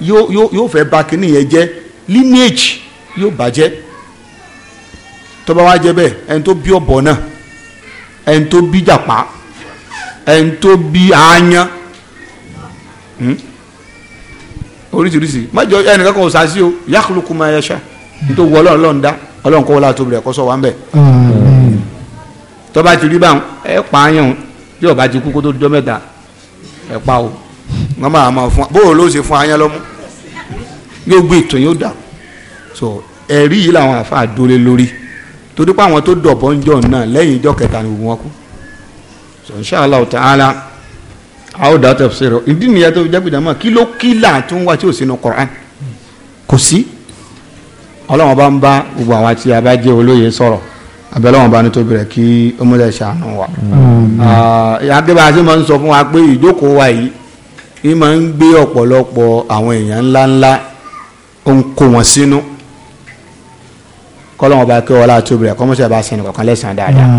yóò fẹ́ bà kíní yẹn jẹ́ lineage yóò bàjẹ́ tó bá wá jẹ́ bẹ́ẹ̀ ẹni tó bí ọ̀bọ náà ẹni tó bí jàpá ẹni tó bí aáyán hmm? oríṣiríṣi májọ ẹnìkan kan ò sá sí o yakhluqu ma yasha nítorí wọ ọlọ́run lọ́n dá ọlọ́run kọ́ wọlé àti obìnrin ẹ̀kọ́ sọ wá ń bẹ̀. tó bá ti rí báwọn ẹ pa áyàn bí ọba ti kú kó tó dọ́ mẹ́ta ẹ pa o wọ́n máa máa fún bóòrò ló ṣe fún áyàn lọ́mú yóò gbé ìtàn yóò dà so ẹ̀rí yìí làwọn àfa àdólé lórí torí pé àwọn tó dọ̀bọ̀ ń jọ náà lẹ́yìn ìjọ kẹta ni gbogbo wọn kú so inṣàlá ọ̀tá ara a ó dá tafsir ìdí nìyẹn tó jẹ́ gbìdánmọ́ kí ló kí là tó ń wá tí ò sínú Qur'an kò sí ọlọ́wọ́n bá ń bá gbogbo àwọn àti abájẹ́ olóye sọ̀rọ̀ abẹ́lẹ́wọ̀n bá ní tó bẹ̀rẹ̀ kí ọmọdé ṣàánú wa agbébá ah, sí máa ń sọ fún wa pé ìjókòó wa yìí ní ń gbé ọ̀pọ̀lọpọ̀ àwọn èèyàn ńláńlá ó ń kó wọn sínú kọ́lọ́mọba kí wọ́n lá tóbi rẹ̀ kọ́mọ́sẹ̀ bá sẹ́ni kọ̀ọ̀kan lẹ́sàn-án dáadáa.